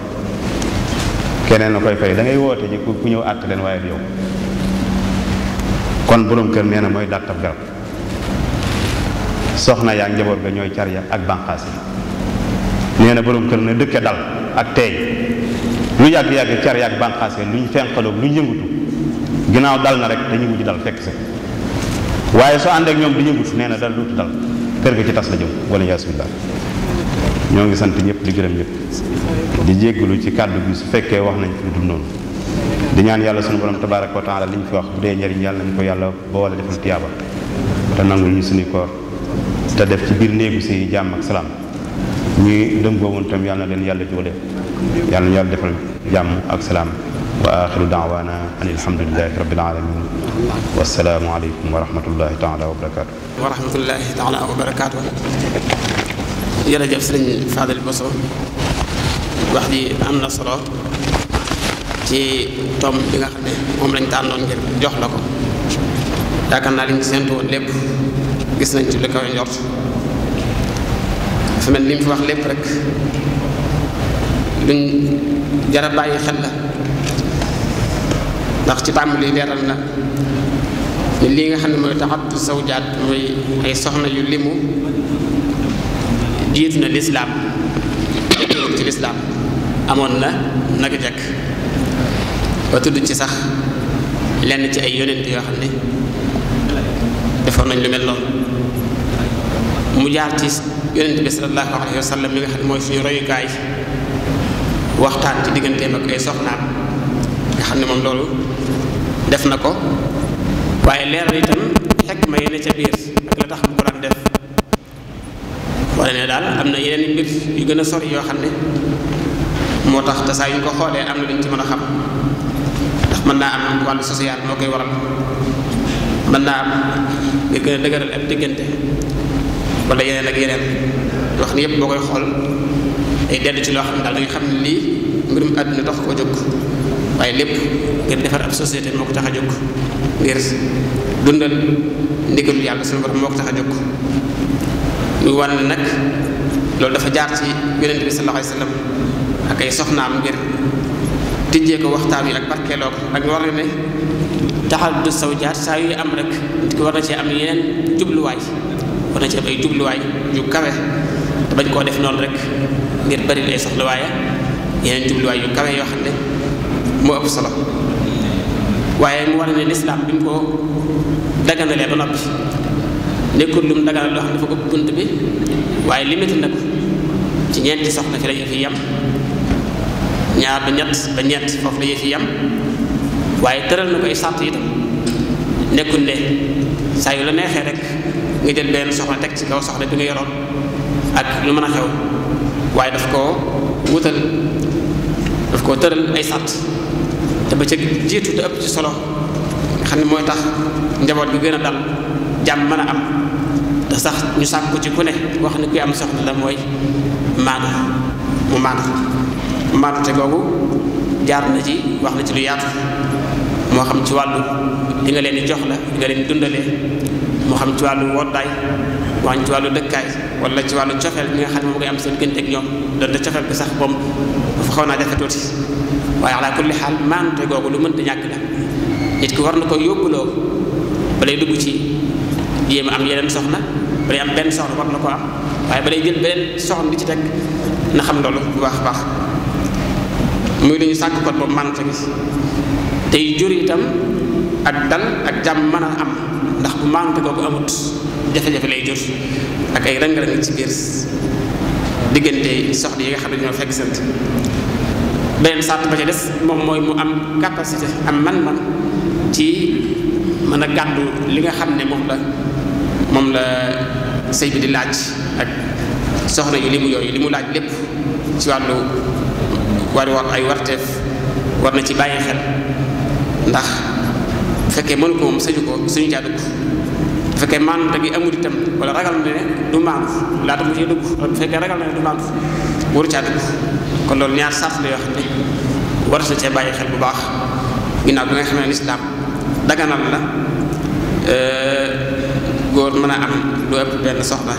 keneen na koy fay dangay woote ji ku ñëw àtt leen waaye du yow kon borom kër nee na mooy dàttab garab soxna yaa njaboot ga ñooy car ya ak bànqaas yi nee boroom kër na dëkke dal ak teey lu yàgg-yàgg car yàgg bànqaase lu ñu fenqaloog lu ñu yëngutu ginnaaw dal na rek dañuy mujj dal fekk si waaye soo ànd ñoom di yëngutu nee na dal luutu dal kër ga ci tas la jëm wala yaasu ñoo ngi sant ñëpp di gërëm ñëpp di jéggulu ci kàddu bi su fekkee wax nañ fi dul noonu di ñaan yàlla sunu borom tabaraka wa taala li ñu fi wax bu dee njariñ yàlla nañ ko yàlla boole defal tiyaaba te nangu ñu suñu te def ci biir néegu si jàmm salaam ñi dëngoo woon itam yàlla na leen yàlla joole yàlla na yàlla defal jàmm ak salaam wa axiru an alhamdulilahi rabbil alamin wasalaamu aleykum wa rahmatullahi taala wa barakaatu
wa rahmatullahi taala wa barakaatu jërëjëf sëriñ Fadel Bosso wax ji am na solo ci tom bi nga xam ne moom lañ tànnoon ngir jox la ko yaakaar naa liñ séentu woon lépp gis nañ ci li kawe njort dafa mel li mu fi wax lépp rek luñ jara xel la ndax ci tàmm li leeral na ni lii nga xam ne mooy taxattu sawjaat mooy ay soxna yu limu jiitu na lislaam ci lislaam amoon na naka jekk ba tudd ci sax lenn ci ay yonent yoo xam ne defoon nañ lu mel noonu mu jaar ci yonent bi sallallahu alayhi mi nga xam ne mooy suñu royukaay waxtaan ci digganteem ak ay soxnaam nga xam ne moom na ko waaye leer na itam xekk ma yene tax mu ko daan daal am na yeneen gën a sori yoo xam ne moo tax te saa yu ñu ko xoolee am na lu ñu ci mën a xam ndax mën naa am wàllu social moo koy waral mën naa am nga gën a dëgëral ab diggante wala yeneen ak yeneen yoo xam ne yëpp boo koy xool day dellu ci loo xam ne daal da xam ne lii mbirum àdduna tax ko jóg waaye lépp ngir defar ab société moo ko tax a jóg ngir dundal ndigalu yàlla suñu borom moo ko tax a jóg muy wane nag loolu dafa jaar ci yonent bi sallallahu alayhi wasallam ak ay waxtaan yi ak barkeeloo ko ak war na ne taxal saw jaar saa yu am rek nit ki war na cee am yeneen jubluwaay war ci am ay jubluwaay yu kawe te bañ koo def noonu rek ngir bari ay soxla waaye yeneen jubluwaay yu kawe yoo xam ne moo ëpp solo waaye mu war ne lislaam bi mu ko daganalee ba noppi nekkul lu mu daganal loo xam ne dafa ko bunt bi waaye limité na ko ci ñeenti soxna fi la yëf yi yam ñaar ba ñett ba ñeent foofu la yëf yam waaye tëral na ko ay sàrt yi tam ne saa yu la neexee rek nga jël benn soxna teg ci kaw soxna bi nga yoroon ak lu mën a xew waaye daf koo wutal daf koo tëral ay sàtt te ba ca jiitu te ëpp ci solo nga xam ne mooy tax njaboot gi gën a dal jàmm mën a am te sax ñu sàkku ci ku ne wax ni kuy am soxna la mooy maana mu maana maana te googu jaar na ci wax na ci lu yaatu moo xam ci wàllu li nga leen jox la li leen di moo xam ci wàllu woddaay moo xam ci wàllu dëkkaay wala ci wàllu cofeel bi nga xam ne moo koy am seen gënteeg ñoom donte cofeel bi sax xaw naa jafe tuuti waaye ala kulli xaal maante lu mënta ñàkk la nit ki war na ko yóbbuloo balay dugg ci am yeneen soxna balay am benn soxna war na ko waaye balay jël beneen soxna di ci teg na xam loolu bu baax baax muy lu ñu sàkk kon boobu maante gi tey jur itam ak dal ak jàmm mën a am ndax bu maante kooku amut jafe-jafe lay jur ak ay rëng ci biir diggante soxla yi nga xam ne ñoo fekk sant beneen sàtt ba ca moom mooy mu am capacité am man-man ci mën a gàddu li nga xam ne moom la moom la sëy bi di laaj ak soxla yi li mu yooyu li mu laaj lépp ci wàllu war war ay warteef war na ci bàyyi xel ndax fekkee mënu ko moom sañu ko sañu caa dugg bu fekkee maanute gi amul itam wala ragal na ne du maandu laata mu cee dugg na du maandu waru kon loolu ñaar sart la yoo xam ne war na xel bu baax ginnaaw bi nga xam ne lislaam daganal la euh, mën a soxla lu ëpp benn soxna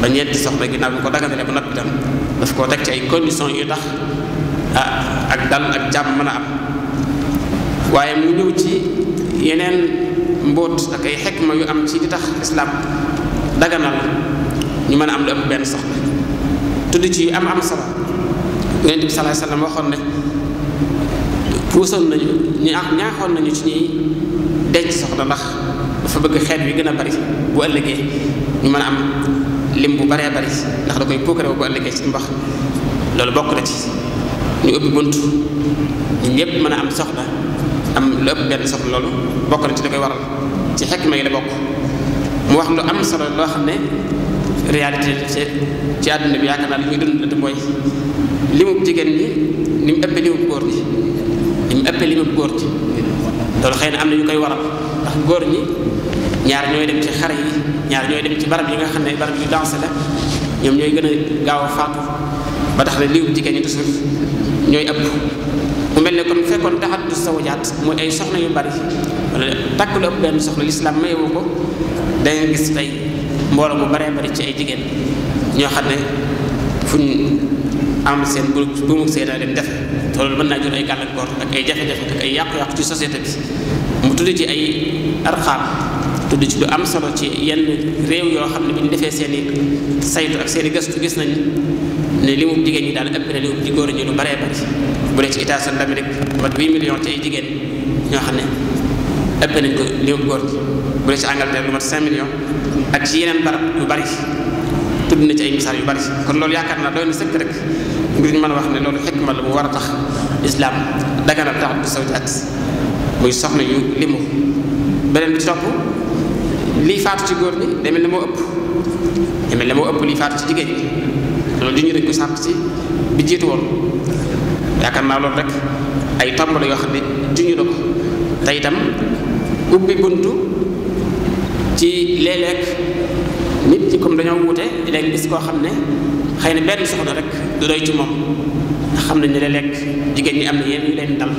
ba ñeenti soxna ginnaaw bi ko daganalee ba noppi itam daf koo teg ci ay conditions yu tax ah, ak dal ak jàmm mën a am waaye mu ñëw ci yeneen mbóot ak ay ma yu am ci di tax islaam daganal ñu mën a am lu am benn soxla tudd ci am am solo yonent bi sallallahu alayhi wasallam waxoon ne puusoon nañu ñu ñaaxoon nañu ci ñuy denc soxla ndax dafa bëgg xeet wi gën a bari bu ëllëgee ñu mën a am lim bu baree bari ndax da koy puukarew bu ëllëgee ci mbax loolu bokk na ci ñu ubbi bunt ñi ñëpp mën a am soxla am lu ëpp benn soxla loolu bokk na ci li koy waral ci xekk ma yi la bokk mu wax lu am solo loo xam ne réalité ci ci àdduna bi yaakaar naa li muy dund mooy li mu jigéen ñi ni mu ëppee li mu góor ñi ni mu ëppee li mu góor ñi loolu xëy na am na ñu koy waral ndax góor ñi ñaar ñooy dem ci xare yi ñaar ñooy dem ci barab yi nga xam ne barab yu dansé la ñoom ñooy gën a gaaw a faatu ba tax na liiw jigéen ñi toujours ñooy ëpp mu mel ne kon kon taxaddu sawajaat muy ay soxna yu bari wala takk lu ëpp benn soxna lislaam mayewu ko da gis tey mbooloo bu baree bari ci ay jigéen ñoo xam ne fu ñu am seen bu bu mu see daa leen def te loolu mën naa jur ay gàllankoor ak ay jafe-jafe ak ay yàqu-yàqu ci société bi mu tudd ci ay arxaam tudd ci lu am solo ci yenn réew yoo xam ne bi ñu defee seen i saytu ak seen i gis nañ ne li mu jigéen ñi daal ëpp na li mu góor ñi lu baree bu dee ci États-Unis mat 8 millions ci ay jigéen ñoo xam ne ëpp nañ ko li mu góor ñi bu dee ci Angleterre lu mat 5 millions ak ci yeneen barab yu bari tudd na ci ay misaal yu bari kon loolu yaakaar naa doy na sëkk rek ngir ñu mën a wax ne loolu xikma la bu war a tax islam daganal tax du sawjaat muy soxna yu limu beneen bi ci topp lii faatu ci góor ñi demel ne moo ëpp demel ne moo ëpp lii faatu ci jigéen ñi loolu ñu dañ ko si ci bi jiitu woon yaakaar naa loolu rek ay tomb la yoo xam ne juñu na ko te itam ubbi buntu ci léeg-léeg nit ñi comme dañoo wuute léeg gis koo xam ne xëy na benn soxna rek du doy ci moom ndax xam nañ ne léeg-léeg jigéen ñi am na yenn yu leen dal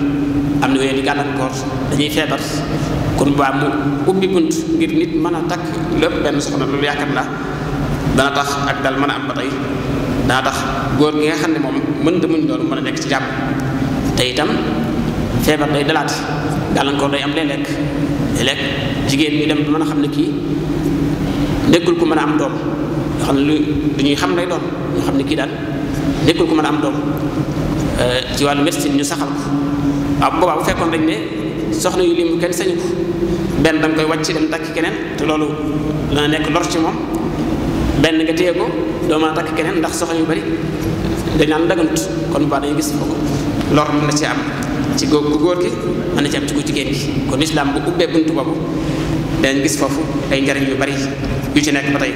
am na yenn gàllankoor dañuy feebar kon baa mu ubbi bunt ngir nit mën a takk lépp benn soxna loolu yaakaar naa dana tax ak dal mën a am ba tey daa tax góor gi nga xam ne moom mën da muñ loolu mën a nekk ci jàmm te itam feebar day dalaat gàllankoor day am léeg lekk léeg jigéen ñi dem mën a xam ne kii nekkul ko mën a am doom yoo xam lu ñuy xam lay doon ñu xam ne kii daal nekkul ku mën am doom euh, ci wàllu médecine ñu saxal ko waaw bu fekkoon dañ ne soxna yu limu kenn sañu ko benn da nga koy wàcc dem takki keneen te loolu dana nekk lor ci moom benn nga téye ko doomaa takk keneen ndax soxla yu bari dañ naan daganut kon baa baax dañu gis foofu lor mën na ci am ci góor ku góor gi mën na ci am ci ku jigéen gi kon lislaam bu ubbee buntu boobu dañ gis foofu ay njariñ yu bari yu ci nekk ba tey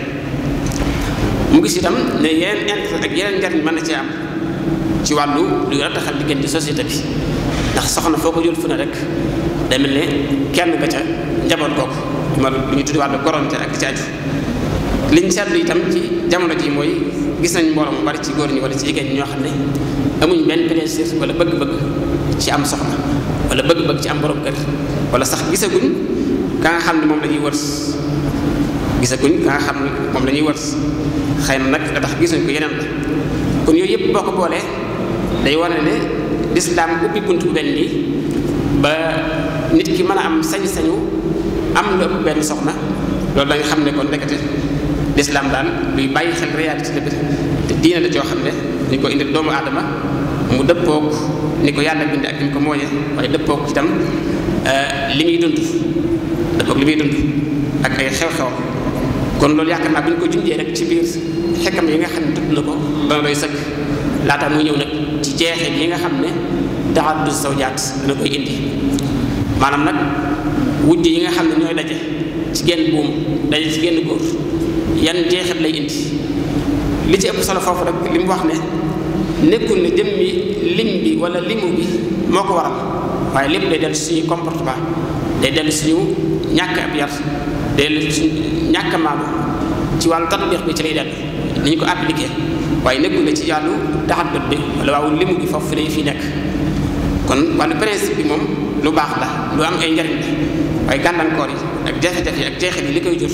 mu gis itam ne yeneen intérêt ak yeneen njariñ mën na cee am ci wàllu lu gën a taxal diggante société bi ndax soxna foo ko jël fu ne rek day ne kenn ka ca njaboot kooku ma lu ñu tuddi wàllu koronte ak ci aju liñ seetlu itam ci jamono ji mooy gis nañ mbooloo mu bari ci góor ñi wala ci jigéen ñi ñoo xam ne amuñ benn plaisir wala bëgg-bëgg ci am soxna wala bëgg-bëgg ci am borom kër wala sax gisaguñ ka nga xam ne moom la ñuy wërs gisaguñ ka nga xam ne moom la wërs xëy na nag da tax gisuñ ko yeneen la kon yooyu yëpp boo ko boolee day wane ne lislaam ubbi bunt bu benn nii ba nit ki mën a am sañ-sañu am lu ëpp benn soxna loolu da xam ne kon nekkati lislaam daan luy bàyyi xel réalité bi te diine la joo xam ne dañ ko indi doomu aadama mu dëppook ni ko yàlla bind ak ni ko mooñe waaye dëppook itam euh, li muy dund dëppook li muy dund ak ay xew-xew kon loolu yaakaar naa bu ñu ko junjee rek ci biir xekkam yi nga xam ne tudd na ko ba bay sëkk laata mu ñëw nag ci jeexit yi nga xam ne taxaddu zawjaat dina koy indi maanaam nag yi nga xam ne ñooy daje ci genn buum daje ci genn góor yan jeexit lay indi li ci ëpp solo foofu rek li mu wax ne nekkul ne jëm mi lim bi wala limu bi moo ko waral waaye lépp day dellu suñu comportement day dellu suñu ñàkk ab yar day dellu suñu ñàkk maalu ci wàllu tatbiix bi ci lay dellu ni ñu ko appliqué waaye nekkul ne ci yàllu taxadut bi wala waaw limu bi foofu lay fi nekk kon wàllu principe bi moom lu baax la lu am ay njariñ la waaye gàllankoor yi ak jafe-jafe yi li koy jur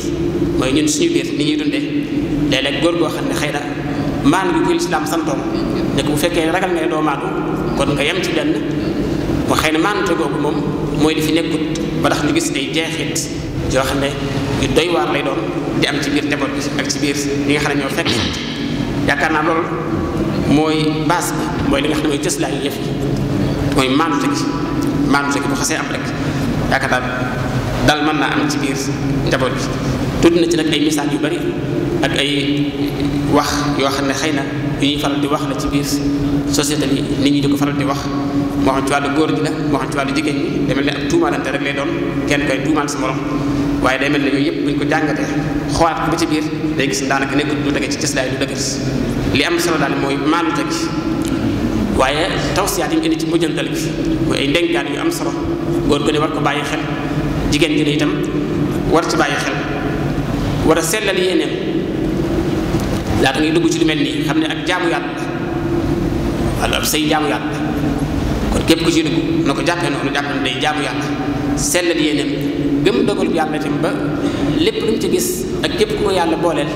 mooy ñun suñu biir ni ñuy dundee léeg-léeg góor goo xam ne xëy na maan gi ko lislaam santoon ne ko bu fekkee ragal nga ne doo maandu kon nga yem ci benn ba xëy na maanute googu moom mooy li fi nekkut ba tax ñu gis ay jeexit yoo xam ne yu doy waar lay di am ci biir njaboot bi ak ci biir li nga xam ñoo fekk yaakaar naa lool mooy base bi mooy li nga xam ne mooy cëslaay yëf yi mooy maanute gi maanute gi bu xasee am rek yaakaar naa dal mën naa am ci biir njaboot bi tudd na ci nag ay misaal yu bari ak ay wax yoo xam ne xëy na yu ñuy faral di wax la ci biir société bi nit ñu di ko faral di wax moo xam ci góor gi la moo xam ci jigéen ñi demel ne ak tuumaalante rek doon kenn koy tuumaal sa waaye day mel ne yooyu yëpp buñ ko jàngatee xoolaat ko ba ci biir day gis daanaka nekkul lu tege ci cëslaay lu dëgër li am solo daal mooy maalu teg waaye tawsiyaat yi mu indi ci mujjantal bi mooy ay ndenkaan yu am solo góor ko ne war ko bàyyi xel jigéen gi ne itam war ci bàyyi xel war a sellal yéeneem laata ngay dugg ci lu mel nii xam ne ak jaamu yàlla wala say jaamu yàlla kon képp ku ci dugg na ko jàppee noonu jàpp na day jaamu yàlla sellal yéeneem gëm dogalub yàlla tam ba lépp ci gis ak képp ku ko yàlla booleel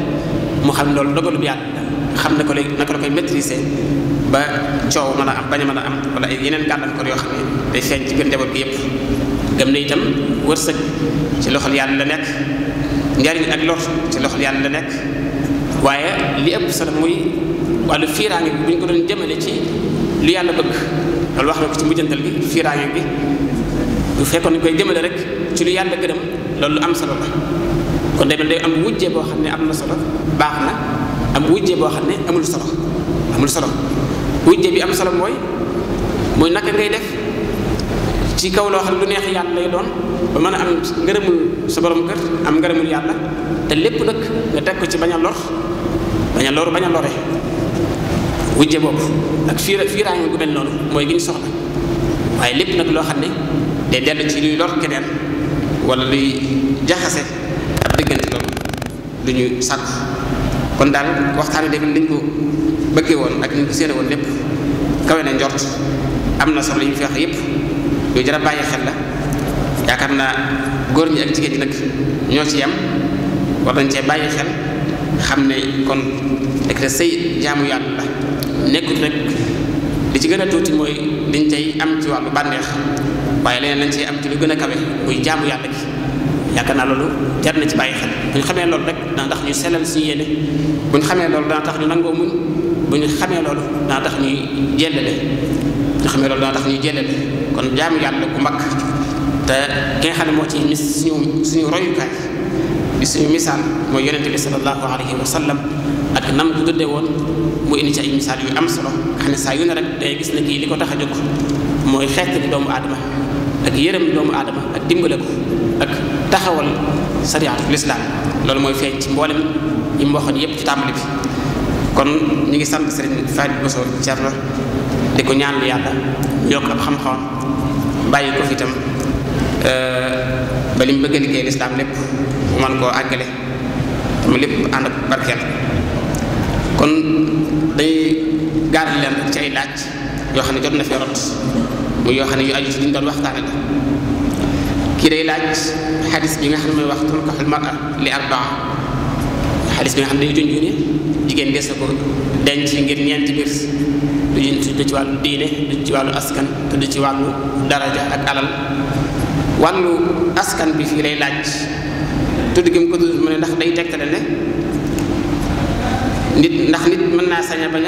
mu xam loolu dogalub yàlla xam na ko léegi naka la koy maîtriser ba coow mën a am bañ a mën a am wala ay yeneen gàllankoor yoo xam ne day feeñ ci biir njaboot bi yëpp gëm na itam wërsëg ci loxol yàlla la nekk njariñ ak lor ci loxo yàlla la nekk waaye li ëpp solo muy wàllu fiiraange bi bu ñu ko doon jëmale ci lu yàlla bëgg loolu wax na ko ci mujjantal bi fiiraange bi bu fekkoon ñu koy jëmale rek ci lu yàlla gërëm loolu lu am solo la kon day day am wujje boo xam ne am na solo baax na am wujje boo xam ne amul solo amul solo wujje bi am solo mooy mooy naka ngay def ci kaw loo xam ne lu neex yàlla lay doon ba mën a am ngërëmul sa borom kër am ngërëmul yàlla te lépp nag nga teg ko ci bañ a lor bañ a lor bañ a lore wujje boobu ak fiira fiiraange gu mel noonu mooy gi ñu soxla waaye lépp nag loo xam ne day dellu ci luy lor keneen wala luy jaxase ab diggante loolu lu ñu sàkk kon daal waxtaan wi ni ñu ko bëggee woon ak ni ñu ko woon lépp kawe na njort am na solo yu ñu fi wax yépp yu jar bàyyi xel la xam naa góor ñi ak jigéen ñi nag ñoo ci yem war nañ cee bàyyi xel xam ne kon ek sëy jaamu yàlla la nekkut rek li ci gën a tuuti mooy liñ cay am ci wàllu bànneex waaye leneen lañ cay am ci lu gën a kawe muy jaamu yàlla gi yaakaar naa loolu jar na ci bàyyi xel bu ñu xamee loolu rek dana tax ñu sellal suñu ñu xamee loolu dana tax nangoo muñ bu ñu xamee loolu dana tax ñuy jellale bu ñu xamee loolu dana tax ñuy jellale kon jaamu yàlla ku mag te ki nga xam ne moo ci mis suñu suñu royukaay di suñu misaal mooy yonente bi salallahu alayhi wa sallam ak nam ko tuddee woon mu indi ci ay misaal yu am solo nga xam ne saa yu ne rek day gis ne kii li ko tax a jóg mooy xeet bi doomu adama ak yërëm doomu aadama ak dimbale ko ak taxawal sariatul islaam loolu mooy feeñ ci mboolem yi mu waxoon yépp tàmbali bi kon ñu ngi sant Serigne Fadi Bousso Thierno di ko ñaan lu yàlla yokk ab xam-xamam bàyyi ko fi itam Euh, ba li bëgg a liggéey lislaam lépp man koo àggale lépp ànd ak barkeel kon dañuy gaaral leen ci ay laaj yoo xam ne jot na fi rot yoo xam ne yu aju ci doon waxtaane la kii day laaj xadis bi nga xam ne mooy wax tunkaxul mar'a li arbaa xadis bi nga xam ne day junjune jigéen des ko denc ngir ñeenti mbir du ci wàllu diine du ci wàllu askan te du ci wàllu daraja ak alal wàllu askan bi fii lay laaj tudd gi mu ko tudd mu ne ndax day tegtale ne nit ndax nit mën naa saña a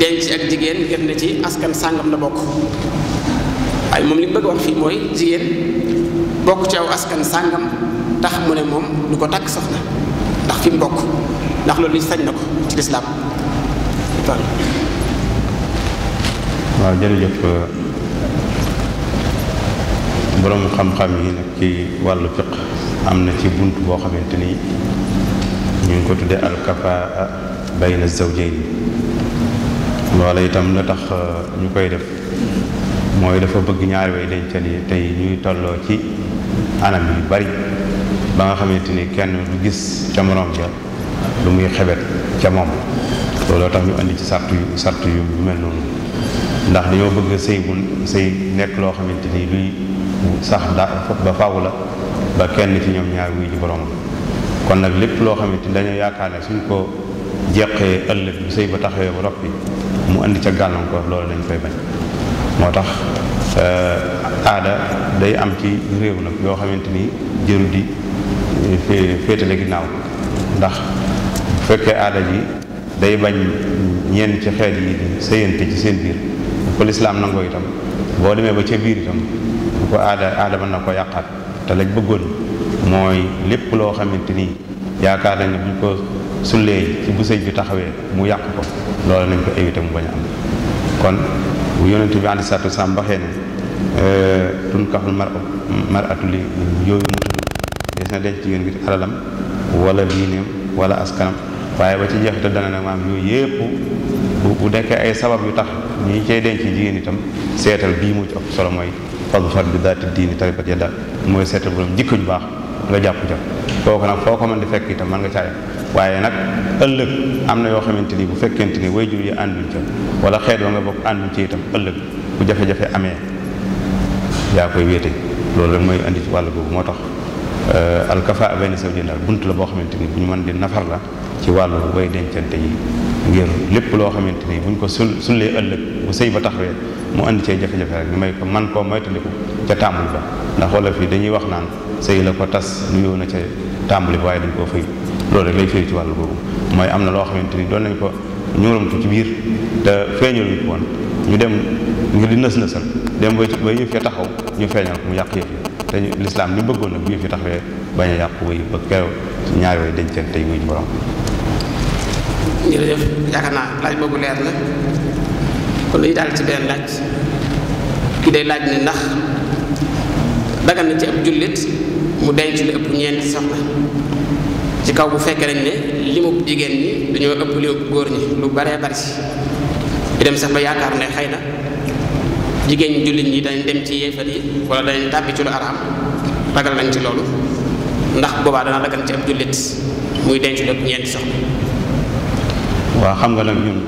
denc ak jigéen ngir ne ci askan sàngam la bokk waaye moom li mu bëgg fii mooy jigéen bokk ci aw askan sàngam tax mu ne moom du ko takk soxna ndax fi mu bokk ndax loolu sañ na ko ci lislaam
waaw jërëjëf boroom xam-xam yi nag ci wàllu fiq am na ci bunt boo xamante ni ñu ngi ko tudde alkafaa bayna zawjayn loola itam la tax euh, ñu koy def mooy dafa bëgg ñaari way dencal yi tey ñuy tolloo ci anam yu bari ba nga xamante ni kenn du gis ca moroom ja lu muy xebet ca moom looloo tax ñu andi ci sart yu sart yu mel noonu ndax dañoo bëgg sëy bu nekk loo xamante ni luy sax da ba faw la ba kenn ci ñoom ñaar wuy ji borom kon nag lépp loo xamante ni dañoo yaakaar ne suñ ko jeqee ëllëg bu sëy ba taxawee ba noppi mu indi ca gàllankoor loolu dañ koy bañ moo tax euh, aada day am ci réew nag yoo xamante ni jëru di euh, féetale ginnaaw ndax bu fekkee aada ji day bañ ñenn ci xeet yi di sëyante ci seen biir ko lislaam nangoo itam boo demee ba ca biir itam ko aada aada mën na ko yàqaat te lañ bëggoon mooy lépp loo xamante ni yaakaar nañ ne buñ ko sullee ci bu sëy bi taxawee mu yàq ko loola nañ ko éviter mu bañ a am kon bu yonente bi andi satu sam baxee ne euh, yooyu mu tudd des na denc jigéen ngir alalam wala diineem wala askanam waaye ba ci jeexita dana ne maam yooyu yépp bu bu nekkee ay sabab yu tax ñi ci denc jigéen itam seetal bii mu ci ëpp solo mooy fadfar bi daati diini tariqat ya daal mooy seetal borom jikko ñu baax nga jàpp ca kooku nag foo ko mën di fekk itam mën nga caay waaye nag ëllëg am na yoo xamante ni bu fekkente ni way jur yi ànduñ ca wala xeet wa nga bokk ànduñ ci itam ëllëg bu jafe-jafe amee yaa koy wéete loolu rek mooy indi ci wàll boobu moo tax euh, alkafa bayna zawjayni daal bunt la boo xamante ni bu ñu mën di nafar la ci wàllu woy dencante yi ngir lépp loo xamante ni buñ ko sul sullee ëllëg bu sëy ba taxawee mu andi cee jafe-jafe rek ñu may ko man koo moytandiku ca tàmbali ba ndax wala fii dañuy wax naan sëy la ko tas nuyoo na ca tàmbali ba waaye dañ koo fay loolu rek lay firi ci wàllu boobu mooy am na loo xamante ni doon nañ ko ñuuramtu ci biir te feeñal mu ko ñu dem ngir di nës nësal dem ba ba yëf ya taxaw ñu feeñal ko mu yàq yëf yi te lislaam ni bëggoon nag bu yëf ya taxawee bañ a yàqu wéy ba keroog ñaari way dencante yi wuñ borom.
jërëjëf yaakaar naa laaj boobu leer na kon liy daal ci benn laaj ki day laaj ne ndax dagan na ci ab jullit mu denc lu ëpp ñeenti soxna ci kaw bu fekkee dañ ne limu jigéen ñi dañoo ëpp limu góor ñi lu baree bari si dem sax ba yaakaar ne xëy na jigéen ñi jullit ñi dañ dem ci yéefar yi wala dañ tàbbi ci lu araam ragal nañ ci loolu ndax boobaa dana dagan ci ab jullit muy denc lu ñeenti soxna
waaw xam nga nag ñun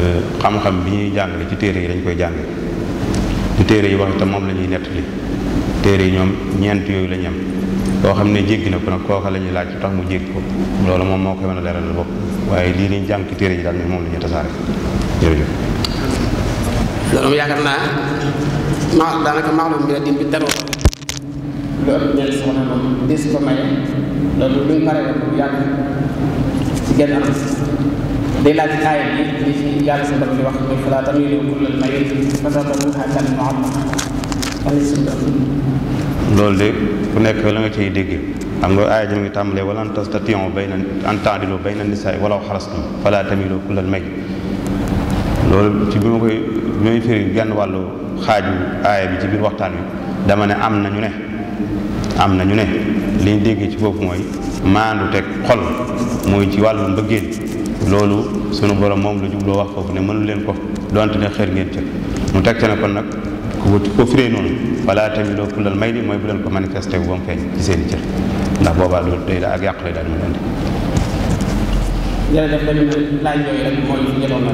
eh, xam-xam bi ñuy jàngale ci téere yi dañ koy jàngale du téere yi wax itam moom la ñuy nettali téere yi ñoom ñeent yooyu la ñu am koo xam ne jéggi na ko nag kooka lañuy laaj laaj tax mu jéggi ko loolu moom moo koy mën a leeral bopp waaye lii liñ jàng ci téere yi daal ñun moom la ñuy tasaare jërëjëf loolu yaakaar naa
ma daanaka maalum bi la din bi loolu luñ pare de
ku nekk la nga ciy dégg xam nga aaya ji mu ngi tàmbalee wala an tastatiu bayna an taadilu bayna genn wàllu xaaju aaya bi ci biir waxtaan wi dama ne am na ñu ne am na ñu ne liñ dégg ci foofu mooy maandu teg xol muy ci wàllu mbëggeel loolu sunu borom moom lu la jubloo wax foofu ne mënul leen ko donte ne xër ngeen ca mu teg ca ne ko nag ku ko firee noonu wala tamit doo kullal may li mooy bu ko manifesté bu ba mu feeñ ci seen i cër ndax boobaa loolu day ak yàq lay daal mu doon jërëjëf
mooy li njëloon na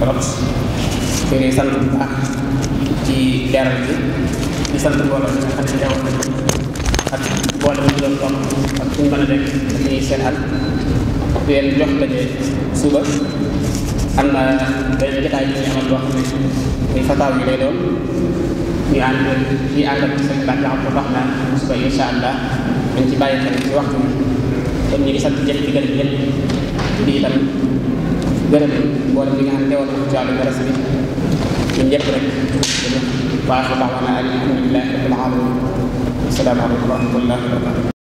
trop ñu ngi ci leeral bi sant mbooloo mi nga xam ne teew nañ ak boole bu doon toog ak fu ñu mën a nekk dañuy seetaan di leen jox daje suba am na benn jotaay bi ñu amal boo xam ne muy fataaw yi lay doon ñu ànd ñu ànd ak seen bàcc xam wax na suba incha allah dañ ci bàyyi xel ci waxtu bi kon ñu ngi sant jëf di gërëm ñëpp di itam gërëm mboolem bi nga xam ne teewoon na ci wàllu garas bi ci njëkk rek baax a baax na alhamdulilah rabbil alamin asalaamaaleykum wa rahmatullahi wa barakatuh